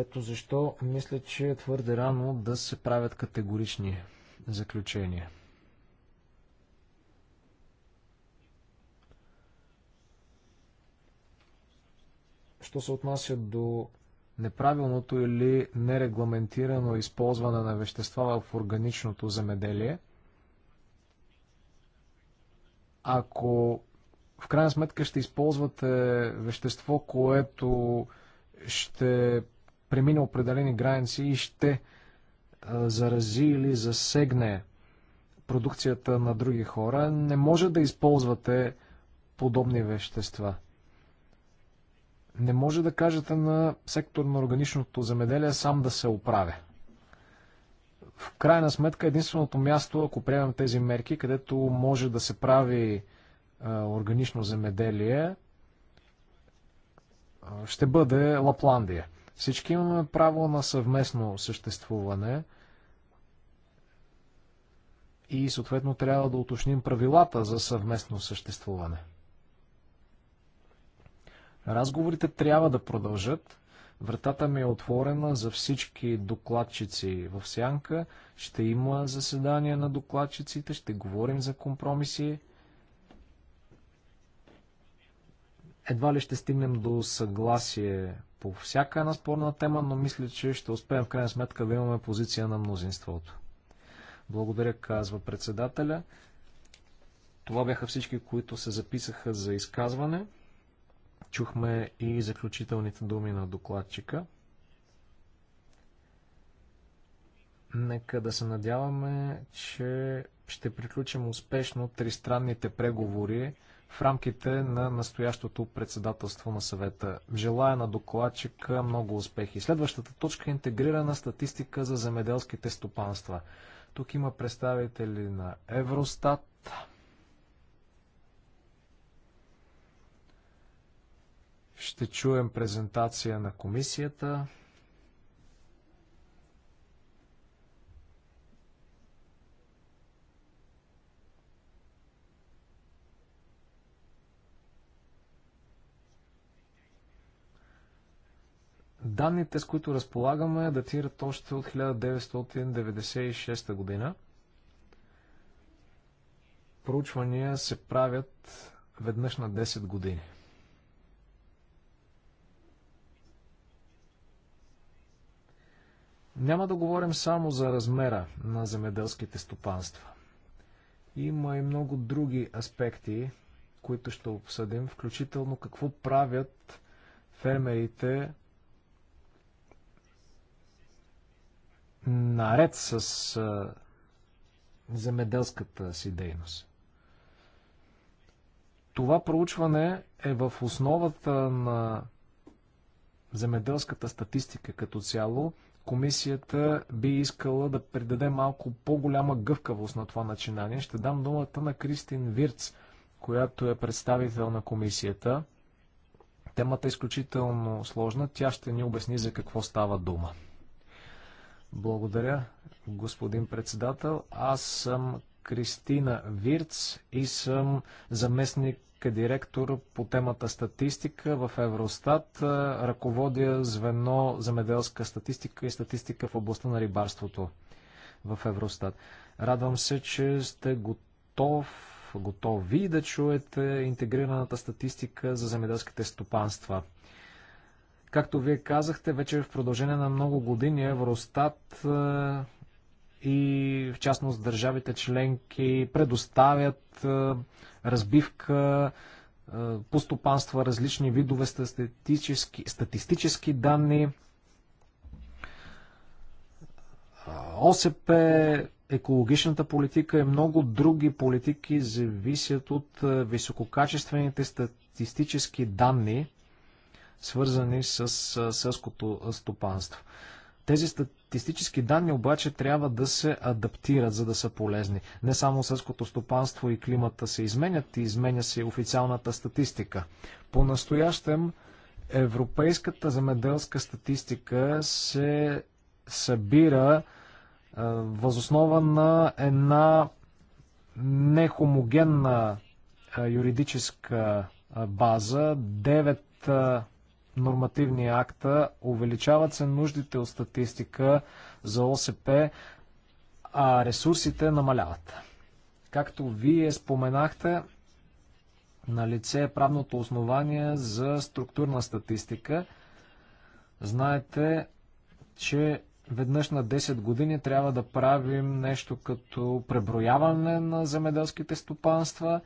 Ето защо мисля, че е твърде рано да се правят категорични заключения. Що се отнася до неправилното или нерегламентирано използване на вещества в органичното земеделие, ако в крайна сметка ще използвате вещество, което ще премине определени граници и ще зарази или засегне продукцията на други хора, не може да използвате подобни вещества. Не може да кажете на сектор на органичното земеделие сам да се оправя. В крайна сметка единственото място, ако приемем тези мерки, където може да се прави а, органично земеделие, ще бъде Лапландия. Всички имаме право на съвместно съществуване и съответно трябва да уточним правилата за съвместно съществуване. Разговорите трябва да продължат. Вратата ми е отворена за всички докладчици в Сянка. Ще има заседания на докладчиците, ще говорим за компромиси. Едва ли ще стигнем до съгласие по всяка една спорна тема, но мисля, че ще успеем в крайна сметка да имаме позиция на мнозинството. Благодаря, казва председателя. Това бяха всички, които се записаха за изказване. Чухме и заключителните думи на докладчика. Нека да се надяваме, че ще приключим успешно тристранните преговори в рамките на настоящото председателство на съвета. Желая на докладчика много успехи. Следващата точка е интегрирана статистика за земеделските стопанства. Тук има представители на Евростат. Ще чуем презентация на комисията. Данните, с които разполагаме, датират още от 1996 година. Проучвания се правят веднъж на 10 години. Няма да говорим само за размера на земеделските стопанства. Има и много други аспекти, които ще обсъдим, включително какво правят фермерите наред с земеделската си дейност. Това проучване е в основата на земеделската статистика като цяло. Комисията би искала да придаде малко по-голяма гъвкавост на това начинание. Ще дам думата на Кристин Вирц, която е представител на комисията. Темата е изключително сложна. Тя ще ни обясни за какво става дума. Благодаря, господин председател. Аз съм Кристина Вирц и съм заместник директор по темата статистика в Евростат. Ръководя звено земеделска статистика и статистика в областта на рибарството в Евростат. Радвам се, че сте готов, готови да чуете интегрираната статистика за земеделските стопанства. Както вие казахте, вече в продължение на много години Евростат е, и в частност държавите членки предоставят е, разбивка е, по стопанства, различни видове статистически, статистически данни. ОСП, екологичната политика и много други политики зависят от висококачествените статистически данни, свързани с селското стопанство. Тези статистически данни обаче трябва да се адаптират, за да са полезни. Не само сърското стопанство и климата се изменят, и изменя се и официалната статистика. По-настоящем европейската земеделска статистика се събира е, възоснова на една нехомогенна е, юридическа е, база, 9 нормативни акта, увеличават се нуждите от статистика за ОСП, а ресурсите намаляват. Както вие споменахте, на лице е правното основание за структурна статистика. Знаете, че веднъж на 10 години трябва да правим нещо като преброяване на земеделските стопанства.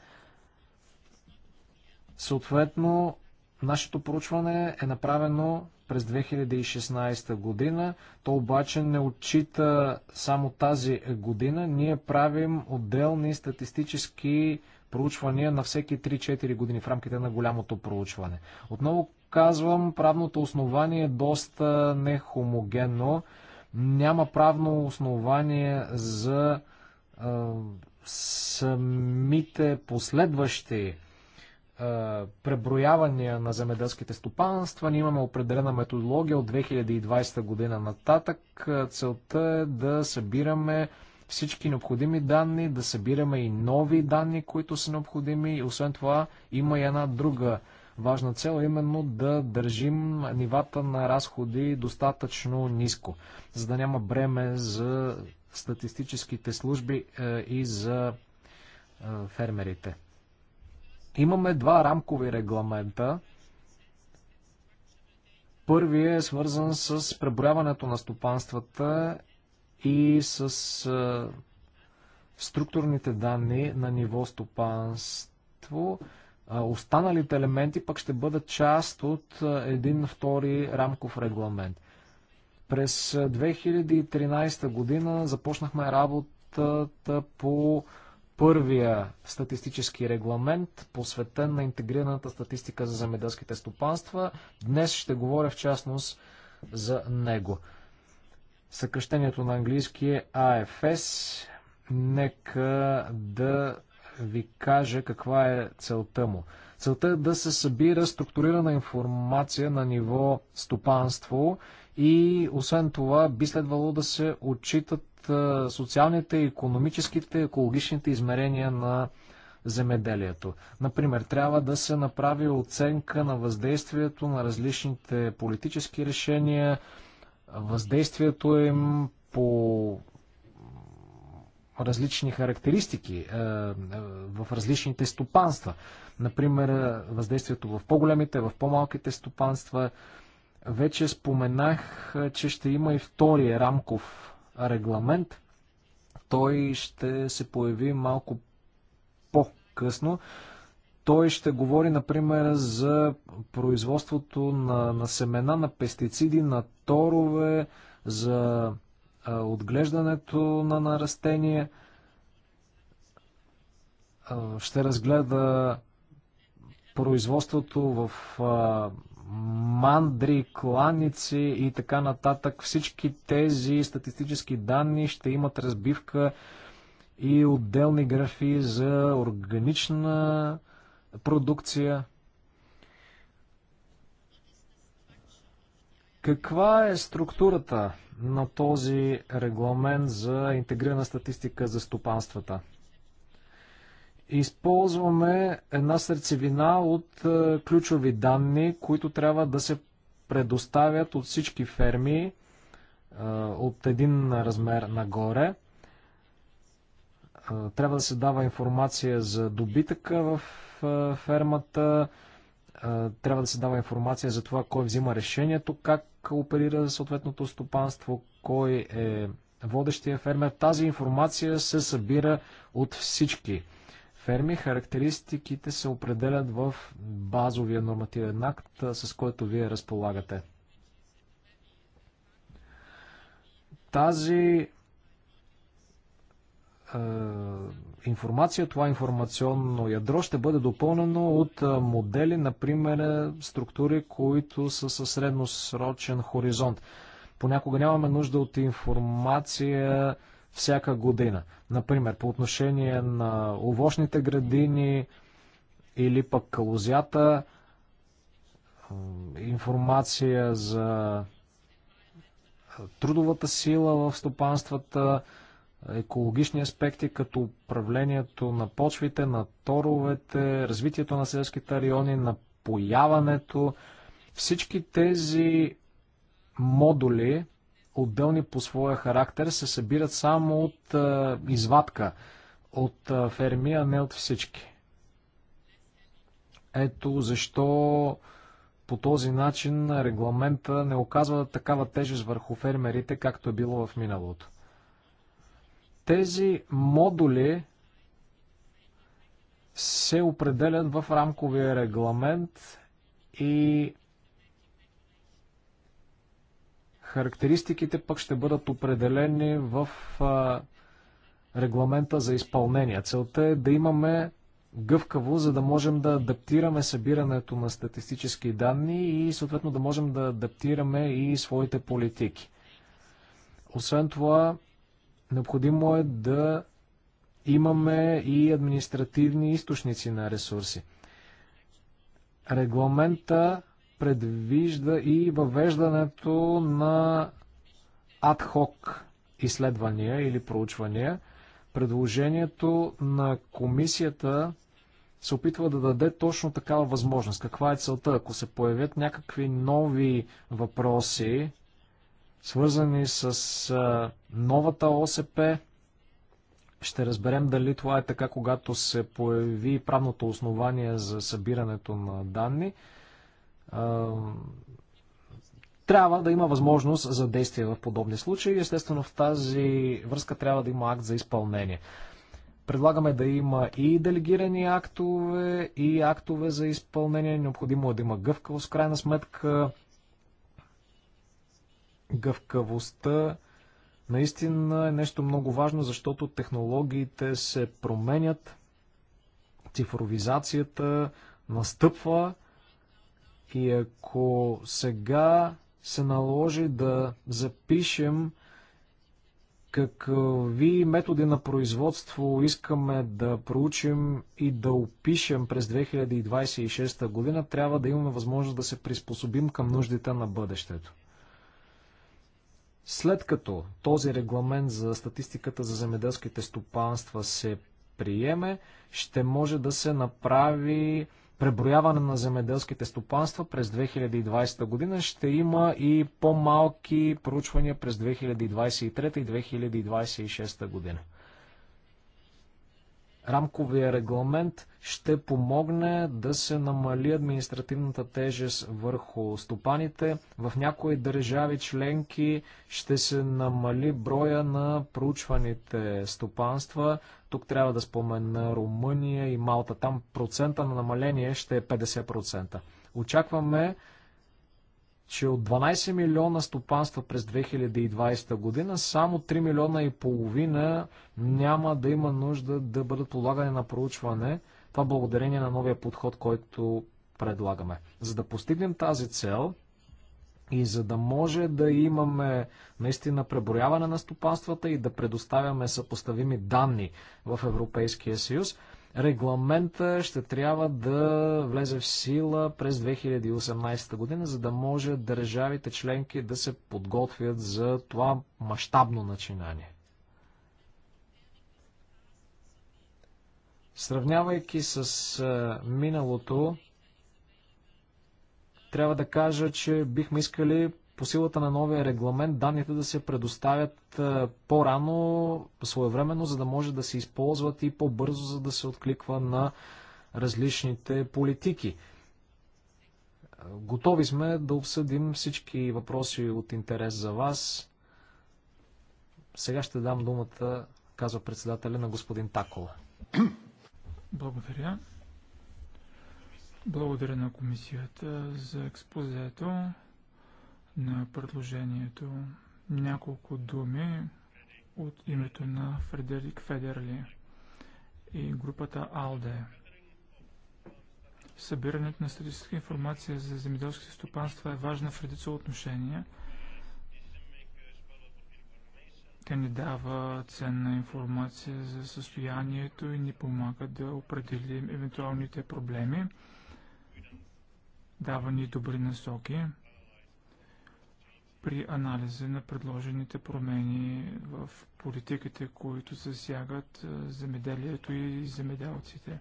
Съответно, Нашето проучване е направено през 2016 година. То обаче не отчита само тази година. Ние правим отделни статистически проучвания на всеки 3-4 години в рамките на голямото проучване. Отново казвам, правното основание е доста нехомогенно. Няма правно основание за е, самите последващи е, преброявания на земеделските стопанства. Ние имаме определена методология от 2020 година нататък. Е, целта е да събираме всички необходими данни, да събираме и нови данни, които са необходими. И освен това има и една друга важна цел, именно да държим нивата на разходи достатъчно ниско, за да няма бреме за статистическите служби е, и за фермерите. Имаме два рамкови регламента. Първият е свързан с преброяването на стопанствата и с структурните данни на ниво стопанство. Останалите елементи пък ще бъдат част от един втори рамков регламент. През 2013 година започнахме работата по първия статистически регламент, посветен на интегрираната статистика за земеделските стопанства. Днес ще говоря в частност за него. Съкръщението на английски е AFS. Нека да ви кажа каква е целта му. Целта е да се събира структурирана информация на ниво стопанство и освен това би следвало да се отчитат социалните, економическите, екологичните измерения на земеделието. Например, трябва да се направи оценка на въздействието на различните политически решения, въздействието им по различни характеристики е, е, в различните стопанства. Например, е, въздействието в по-големите, в по-малките стопанства. Вече споменах, че ще има и втори рамков регламент. Той ще се появи малко по-късно. Той ще говори, например, за производството на, на семена, на пестициди, на торове, за а, отглеждането на, на растения. А, ще разгледа производството в а, мандри, кланици и така нататък. Всички тези статистически данни ще имат разбивка и отделни графи за органична продукция. Каква е структурата на този регламент за интегрирана статистика за стопанствата? използваме една сърцевина от е, ключови данни, които трябва да се предоставят от всички ферми е, от един размер нагоре. Е, трябва да се дава информация за добитъка в фермата, трябва да се дава информация за това кой взима решението, как оперира съответното стопанство, кой е водещия фермер. Тази информация се събира от всички ферми. Характеристиките се определят в базовия нормативен акт, с който вие разполагате. Тази е, информация, това информационно ядро ще бъде допълнено от модели, например структури, които са със средносрочен хоризонт. Понякога нямаме нужда от информация, всяка година. Например, по отношение на овощните градини или пък калузята, информация за трудовата сила в стопанствата, екологични аспекти, като управлението на почвите, на торовете, развитието на селските райони, напояването. Всички тези модули отделни по своя характер, се събират само от а, извадка, от а, ферми, а не от всички. Ето защо по този начин регламента не оказва такава тежест върху фермерите, както е било в миналото. Тези модули се определят в рамковия регламент и Характеристиките пък ще бъдат определени в регламента за изпълнение. Целта е да имаме гъвкаво, за да можем да адаптираме събирането на статистически данни и съответно да можем да адаптираме и своите политики. Освен това, необходимо е да имаме и административни източници на ресурси. Регламента предвижда и въвеждането на адхок изследвания или проучвания. Предложението на комисията се опитва да даде точно такава възможност. Каква е целта? Ако се появят някакви нови въпроси, свързани с новата ОСП, ще разберем дали това е така, когато се появи правното основание за събирането на данни трябва да има възможност за действие в подобни случаи. Естествено, в тази връзка трябва да има акт за изпълнение. Предлагаме да има и делегирани актове, и актове за изпълнение. Необходимо е да има гъвкавост. крайна сметка, гъвкавостта наистина е нещо много важно, защото технологиите се променят, цифровизацията настъпва и ако сега се наложи да запишем какви методи на производство искаме да проучим и да опишем през 2026 година, трябва да имаме възможност да се приспособим към нуждите на бъдещето. След като този регламент за статистиката за земеделските стопанства се приеме, ще може да се направи преброяване на земеделските стопанства през 2020 година. Ще има и по-малки проучвания през 2023 и 2026 година. Рамковия регламент ще помогне да се намали административната тежест върху стопаните. В някои държави членки ще се намали броя на проучваните стопанства. Тук трябва да спомена Румъния и Малта. Там процента на намаление ще е 50%. Очакваме че от 12 милиона стопанства през 2020 година, само 3 милиона и половина няма да има нужда да бъдат полагани на проучване. Това благодарение на новия подход, който предлагаме. За да постигнем тази цел и за да може да имаме наистина преброяване на стопанствата и да предоставяме съпоставими данни в Европейския съюз, Регламента ще трябва да влезе в сила през 2018 година, за да може държавите членки да се подготвят за това мащабно начинание. Сравнявайки с е, миналото, трябва да кажа, че бихме искали по силата на новия регламент данните да се предоставят е, по-рано, своевременно, за да може да се използват и по-бързо, за да се откликва на различните политики. Е, готови сме да обсъдим всички въпроси от интерес за вас. Сега ще дам думата, казва председателя на господин Такола. Благодаря. Благодаря на комисията за експозето на предложението. Няколко думи от името на Фредерик Федерли и групата АЛДЕ. Събирането на статистическа информация за земеделските стопанства е важна в редица отношения. Те ни дава ценна информация за състоянието и ни помага да определим евентуалните проблеми. Дава ни добри насоки при анализа на предложените промени в политиките, които засягат е, земеделието и земеделците.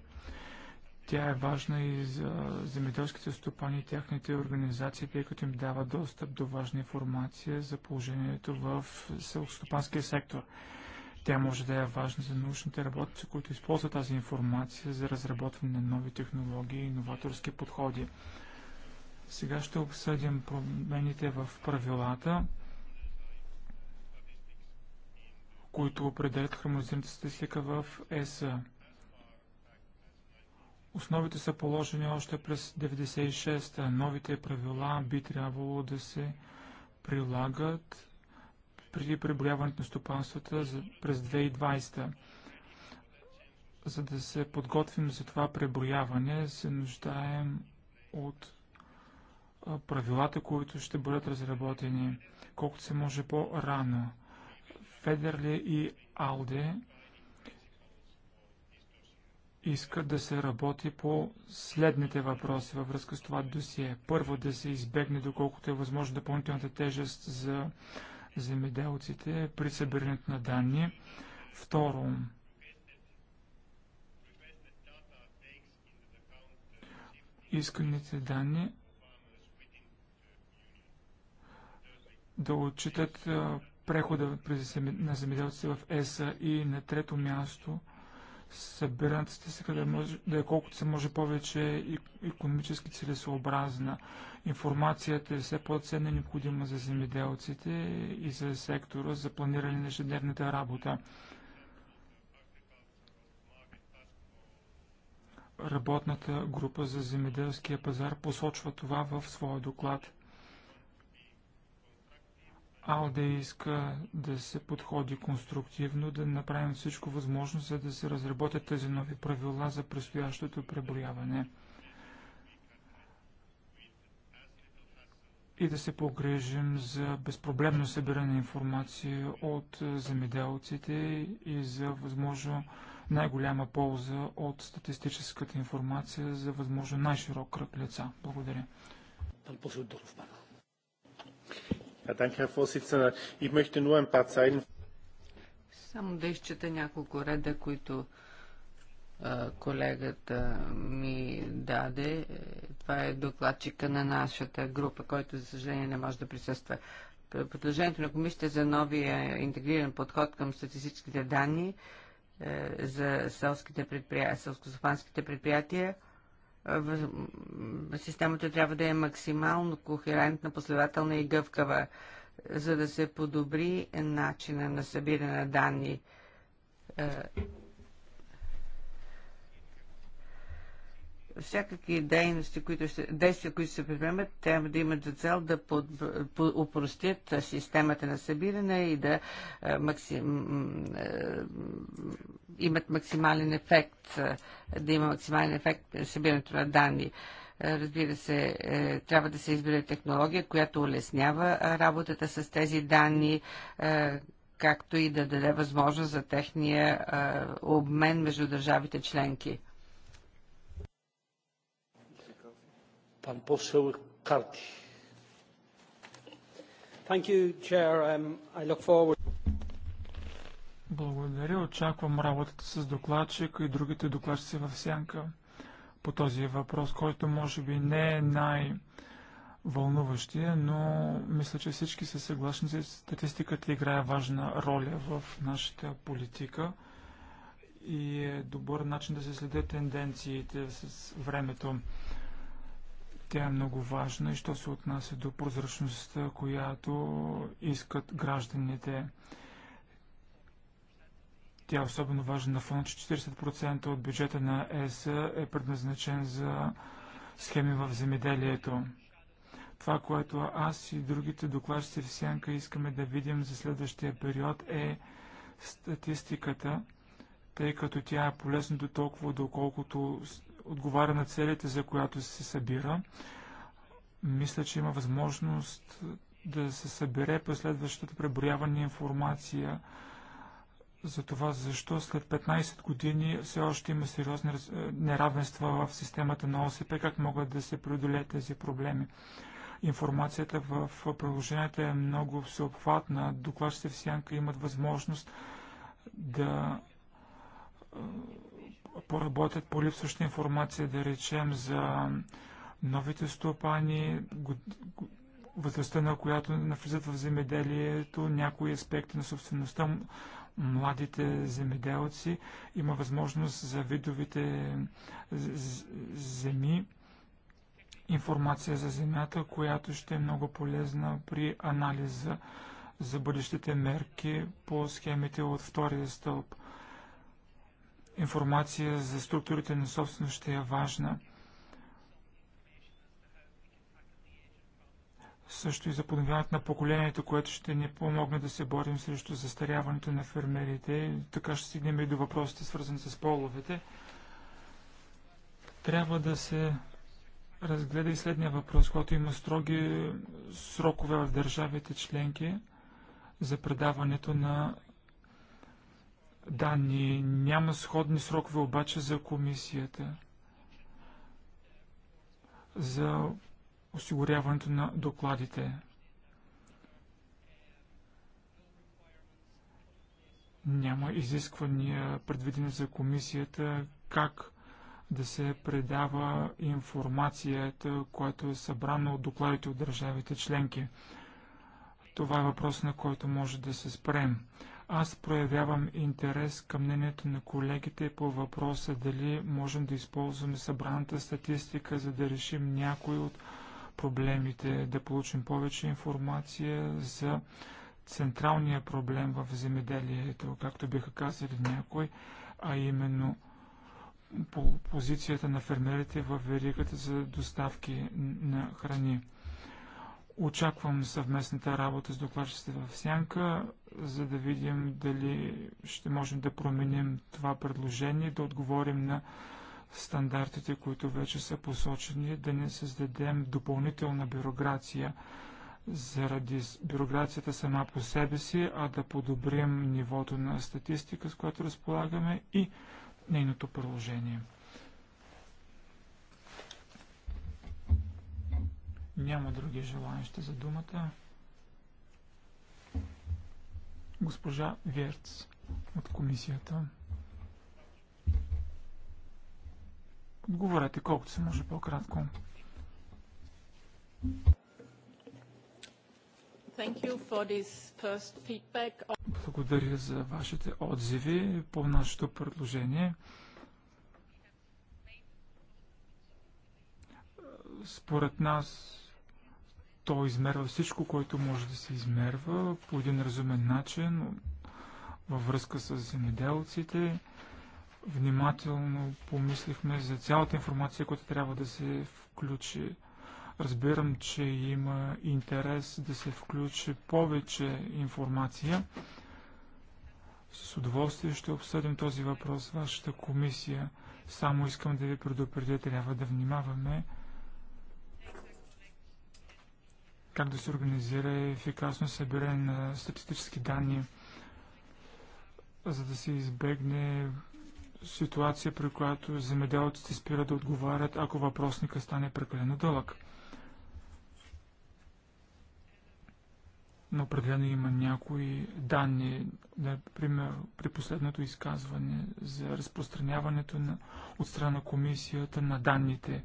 Тя е важна и за земеделските стопани и тяхните организации, тъй като им дава достъп до важна информация за положението в селскостопанския сектор. Тя може да е важна за научните работници, които използват тази информация за разработване на нови технологии и новаторски подходи. Сега ще обсъдим промените в правилата, които определят хромозимната статистика в ЕСА. Основите са положени още през 96. та Новите правила би трябвало да се прилагат преди преброяването на стопанствата през 2020-та. За да се подготвим за това преброяване, се нуждаем от правилата, които ще бъдат разработени колкото се може по-рано. Федерли и Алде искат да се работи по следните въпроси във връзка с това досие. Първо да се избегне доколкото е възможно допълнителната тежест за земеделците при събирането на данни. Второ, исканите данни да отчитат прехода на земеделците в ЕСА и на трето място събираната се да, може, да е колкото се може повече економически целесообразна. Информацията е все по-ценна необходима за земеделците и за сектора за планиране на ежедневната работа. Работната група за земеделския пазар посочва това в своя доклад. Алде иска да се подходи конструктивно, да направим всичко възможно, за да се разработят тези нови правила за предстоящото преброяване. И да се погрежим за безпроблемно събиране на информация от земеделците и за възможно най-голяма полза от статистическата информация за възможно най-широк кръг лица. Благодаря. Herr Vorsitzender. Ich möchte nur ein paar Zeilen... Само да изчета няколко реда, които колегата ми даде. Това е докладчика на нашата група, който, за съжаление, не може да присъства. Предложението на комисията за новия интегриран подход към статистическите данни е, за селските предприятия, предприятия системата трябва да е максимално кохерентна, последователна и гъвкава, за да се подобри начина на събиране на данни всякакви дейности, които ще, действия, които се предприемат, трябва да имат за цел да под, по, упростят системата на събиране и да е, максим, е, имат максимален ефект, е, да има максимален ефект събирането на данни. Разбира се, е, трябва да се избере технология, която улеснява работата с тези данни, както и да даде възможност за техния обмен между държавите членки. Pan poseł Karti. Thank you, Chair. Um, I look forward... Благодаря. Очаквам работата с докладчика и другите докладчици в сянка по този въпрос, който може би не е най-вълнуващия, но мисля, че всички са съгласни, че статистиката играе важна роля в нашата политика и е добър начин да се следят тенденциите с времето. Тя е много важна и що се отнася до прозрачността, която искат гражданите. Тя е особено важна на фона, че 40% от бюджета на ЕС е предназначен за схеми в земеделието. Това, което аз и другите докладчици в Сянка искаме да видим за следващия период е статистиката, тъй като тя е полезна до толкова, доколкото отговаря на целите, за която се събира. Мисля, че има възможност да се събере последващата следващото преброяване информация за това защо след 15 години все още има сериозни е, неравенства в системата на ОСП, как могат да се преодолеят тези проблеми. Информацията в приложението е много всеобхватна. Докладчите в Сянка имат възможност да е, поработят по липсваща информация, да речем за новите стопани, възрастта на която навлизат в земеделието, някои аспекти на собствеността, младите земеделци, има възможност за видовите земи, информация за земята, която ще е много полезна при анализа за бъдещите мерки по схемите от втория стълб информация за структурите на собственост ще е важна. Също и за подновяването на поколението, което ще ни помогне да се борим срещу застаряването на фермерите. Така ще стигнем и до въпросите, свързани с половете. Трябва да се разгледа и следния въпрос, който има строги срокове в държавите членки за предаването на данни. Няма сходни срокове обаче за комисията за осигуряването на докладите. Няма изисквания предвидени за комисията как да се предава информацията, която е събрана от докладите от държавите членки. Това е въпрос, на който може да се спрем. Аз проявявам интерес към мнението на колегите по въпроса дали можем да използваме събраната статистика, за да решим някои от проблемите, да получим повече информация за централния проблем в земеделието, както биха казали някой, а именно по позицията на фермерите в веригата за доставки на храни. Очаквам съвместната работа с докладчиците в Сянка за да видим дали ще можем да променим това предложение, да отговорим на стандартите, които вече са посочени, да не създадем допълнителна бюрокрация заради бюрокрацията сама по себе си, а да подобрим нивото на статистика, с което разполагаме и нейното приложение. Няма други желаящи за думата госпожа Верц от комисията. Отговорете колкото се може по-кратко. Благодаря за вашите отзиви по нашето предложение. Според нас то измерва всичко, което може да се измерва по един разумен начин във връзка с земеделците. Внимателно помислихме за цялата информация, която трябва да се включи. Разбирам, че има интерес да се включи повече информация. С удоволствие ще обсъдим този въпрос с вашата комисия. Само искам да ви предупредя, трябва да внимаваме как да се организира ефикасно събиране на статистически данни, за да се избегне ситуация, при която земеделците спират да отговарят, ако въпросника стане прекалено дълъг. Но определено има някои данни, например при последното изказване за разпространяването на, от страна на комисията на данните.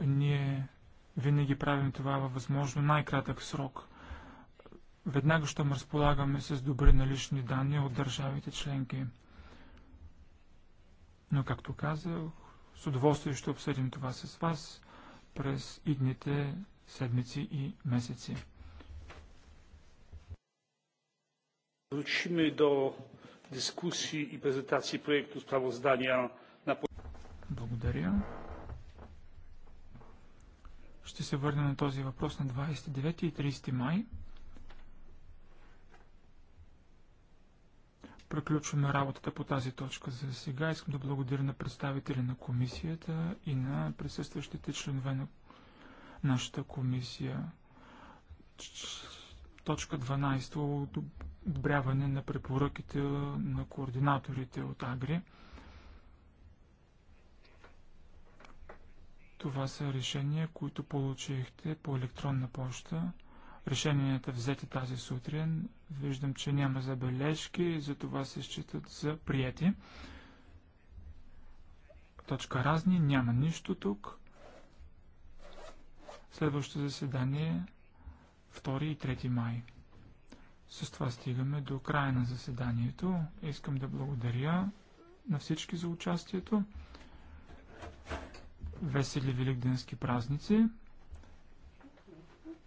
Ние винаги правим това във възможно най-кратък срок. Веднага, щом разполагаме с добри налични данни от държавите членки. Но, както казах, с удоволствие ще обсъдим това с вас през идните седмици и месеци. дискусии и презентации проекта с право здания на... Благодаря. Ще се върнем на този въпрос на 29 и 30 май. Приключваме работата по тази точка за сега. Искам да благодаря на представители на комисията и на присъстващите членове на нашата комисия. Точка 12. Одобряване на препоръките на координаторите от Агри. Това са решения, които получихте по електронна почта. Решенията взети тази сутрин. Виждам, че няма забележки и за това се считат за прияти. Точка разни, няма нищо тук. Следващото заседание 2 и 3 май. С това стигаме до края на заседанието. Искам да благодаря на всички за участието. Весели великденски празници!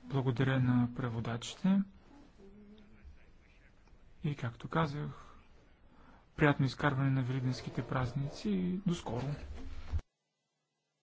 Благодаря на преводачите. И както казах, приятно изкарване на великденските празници и до скоро!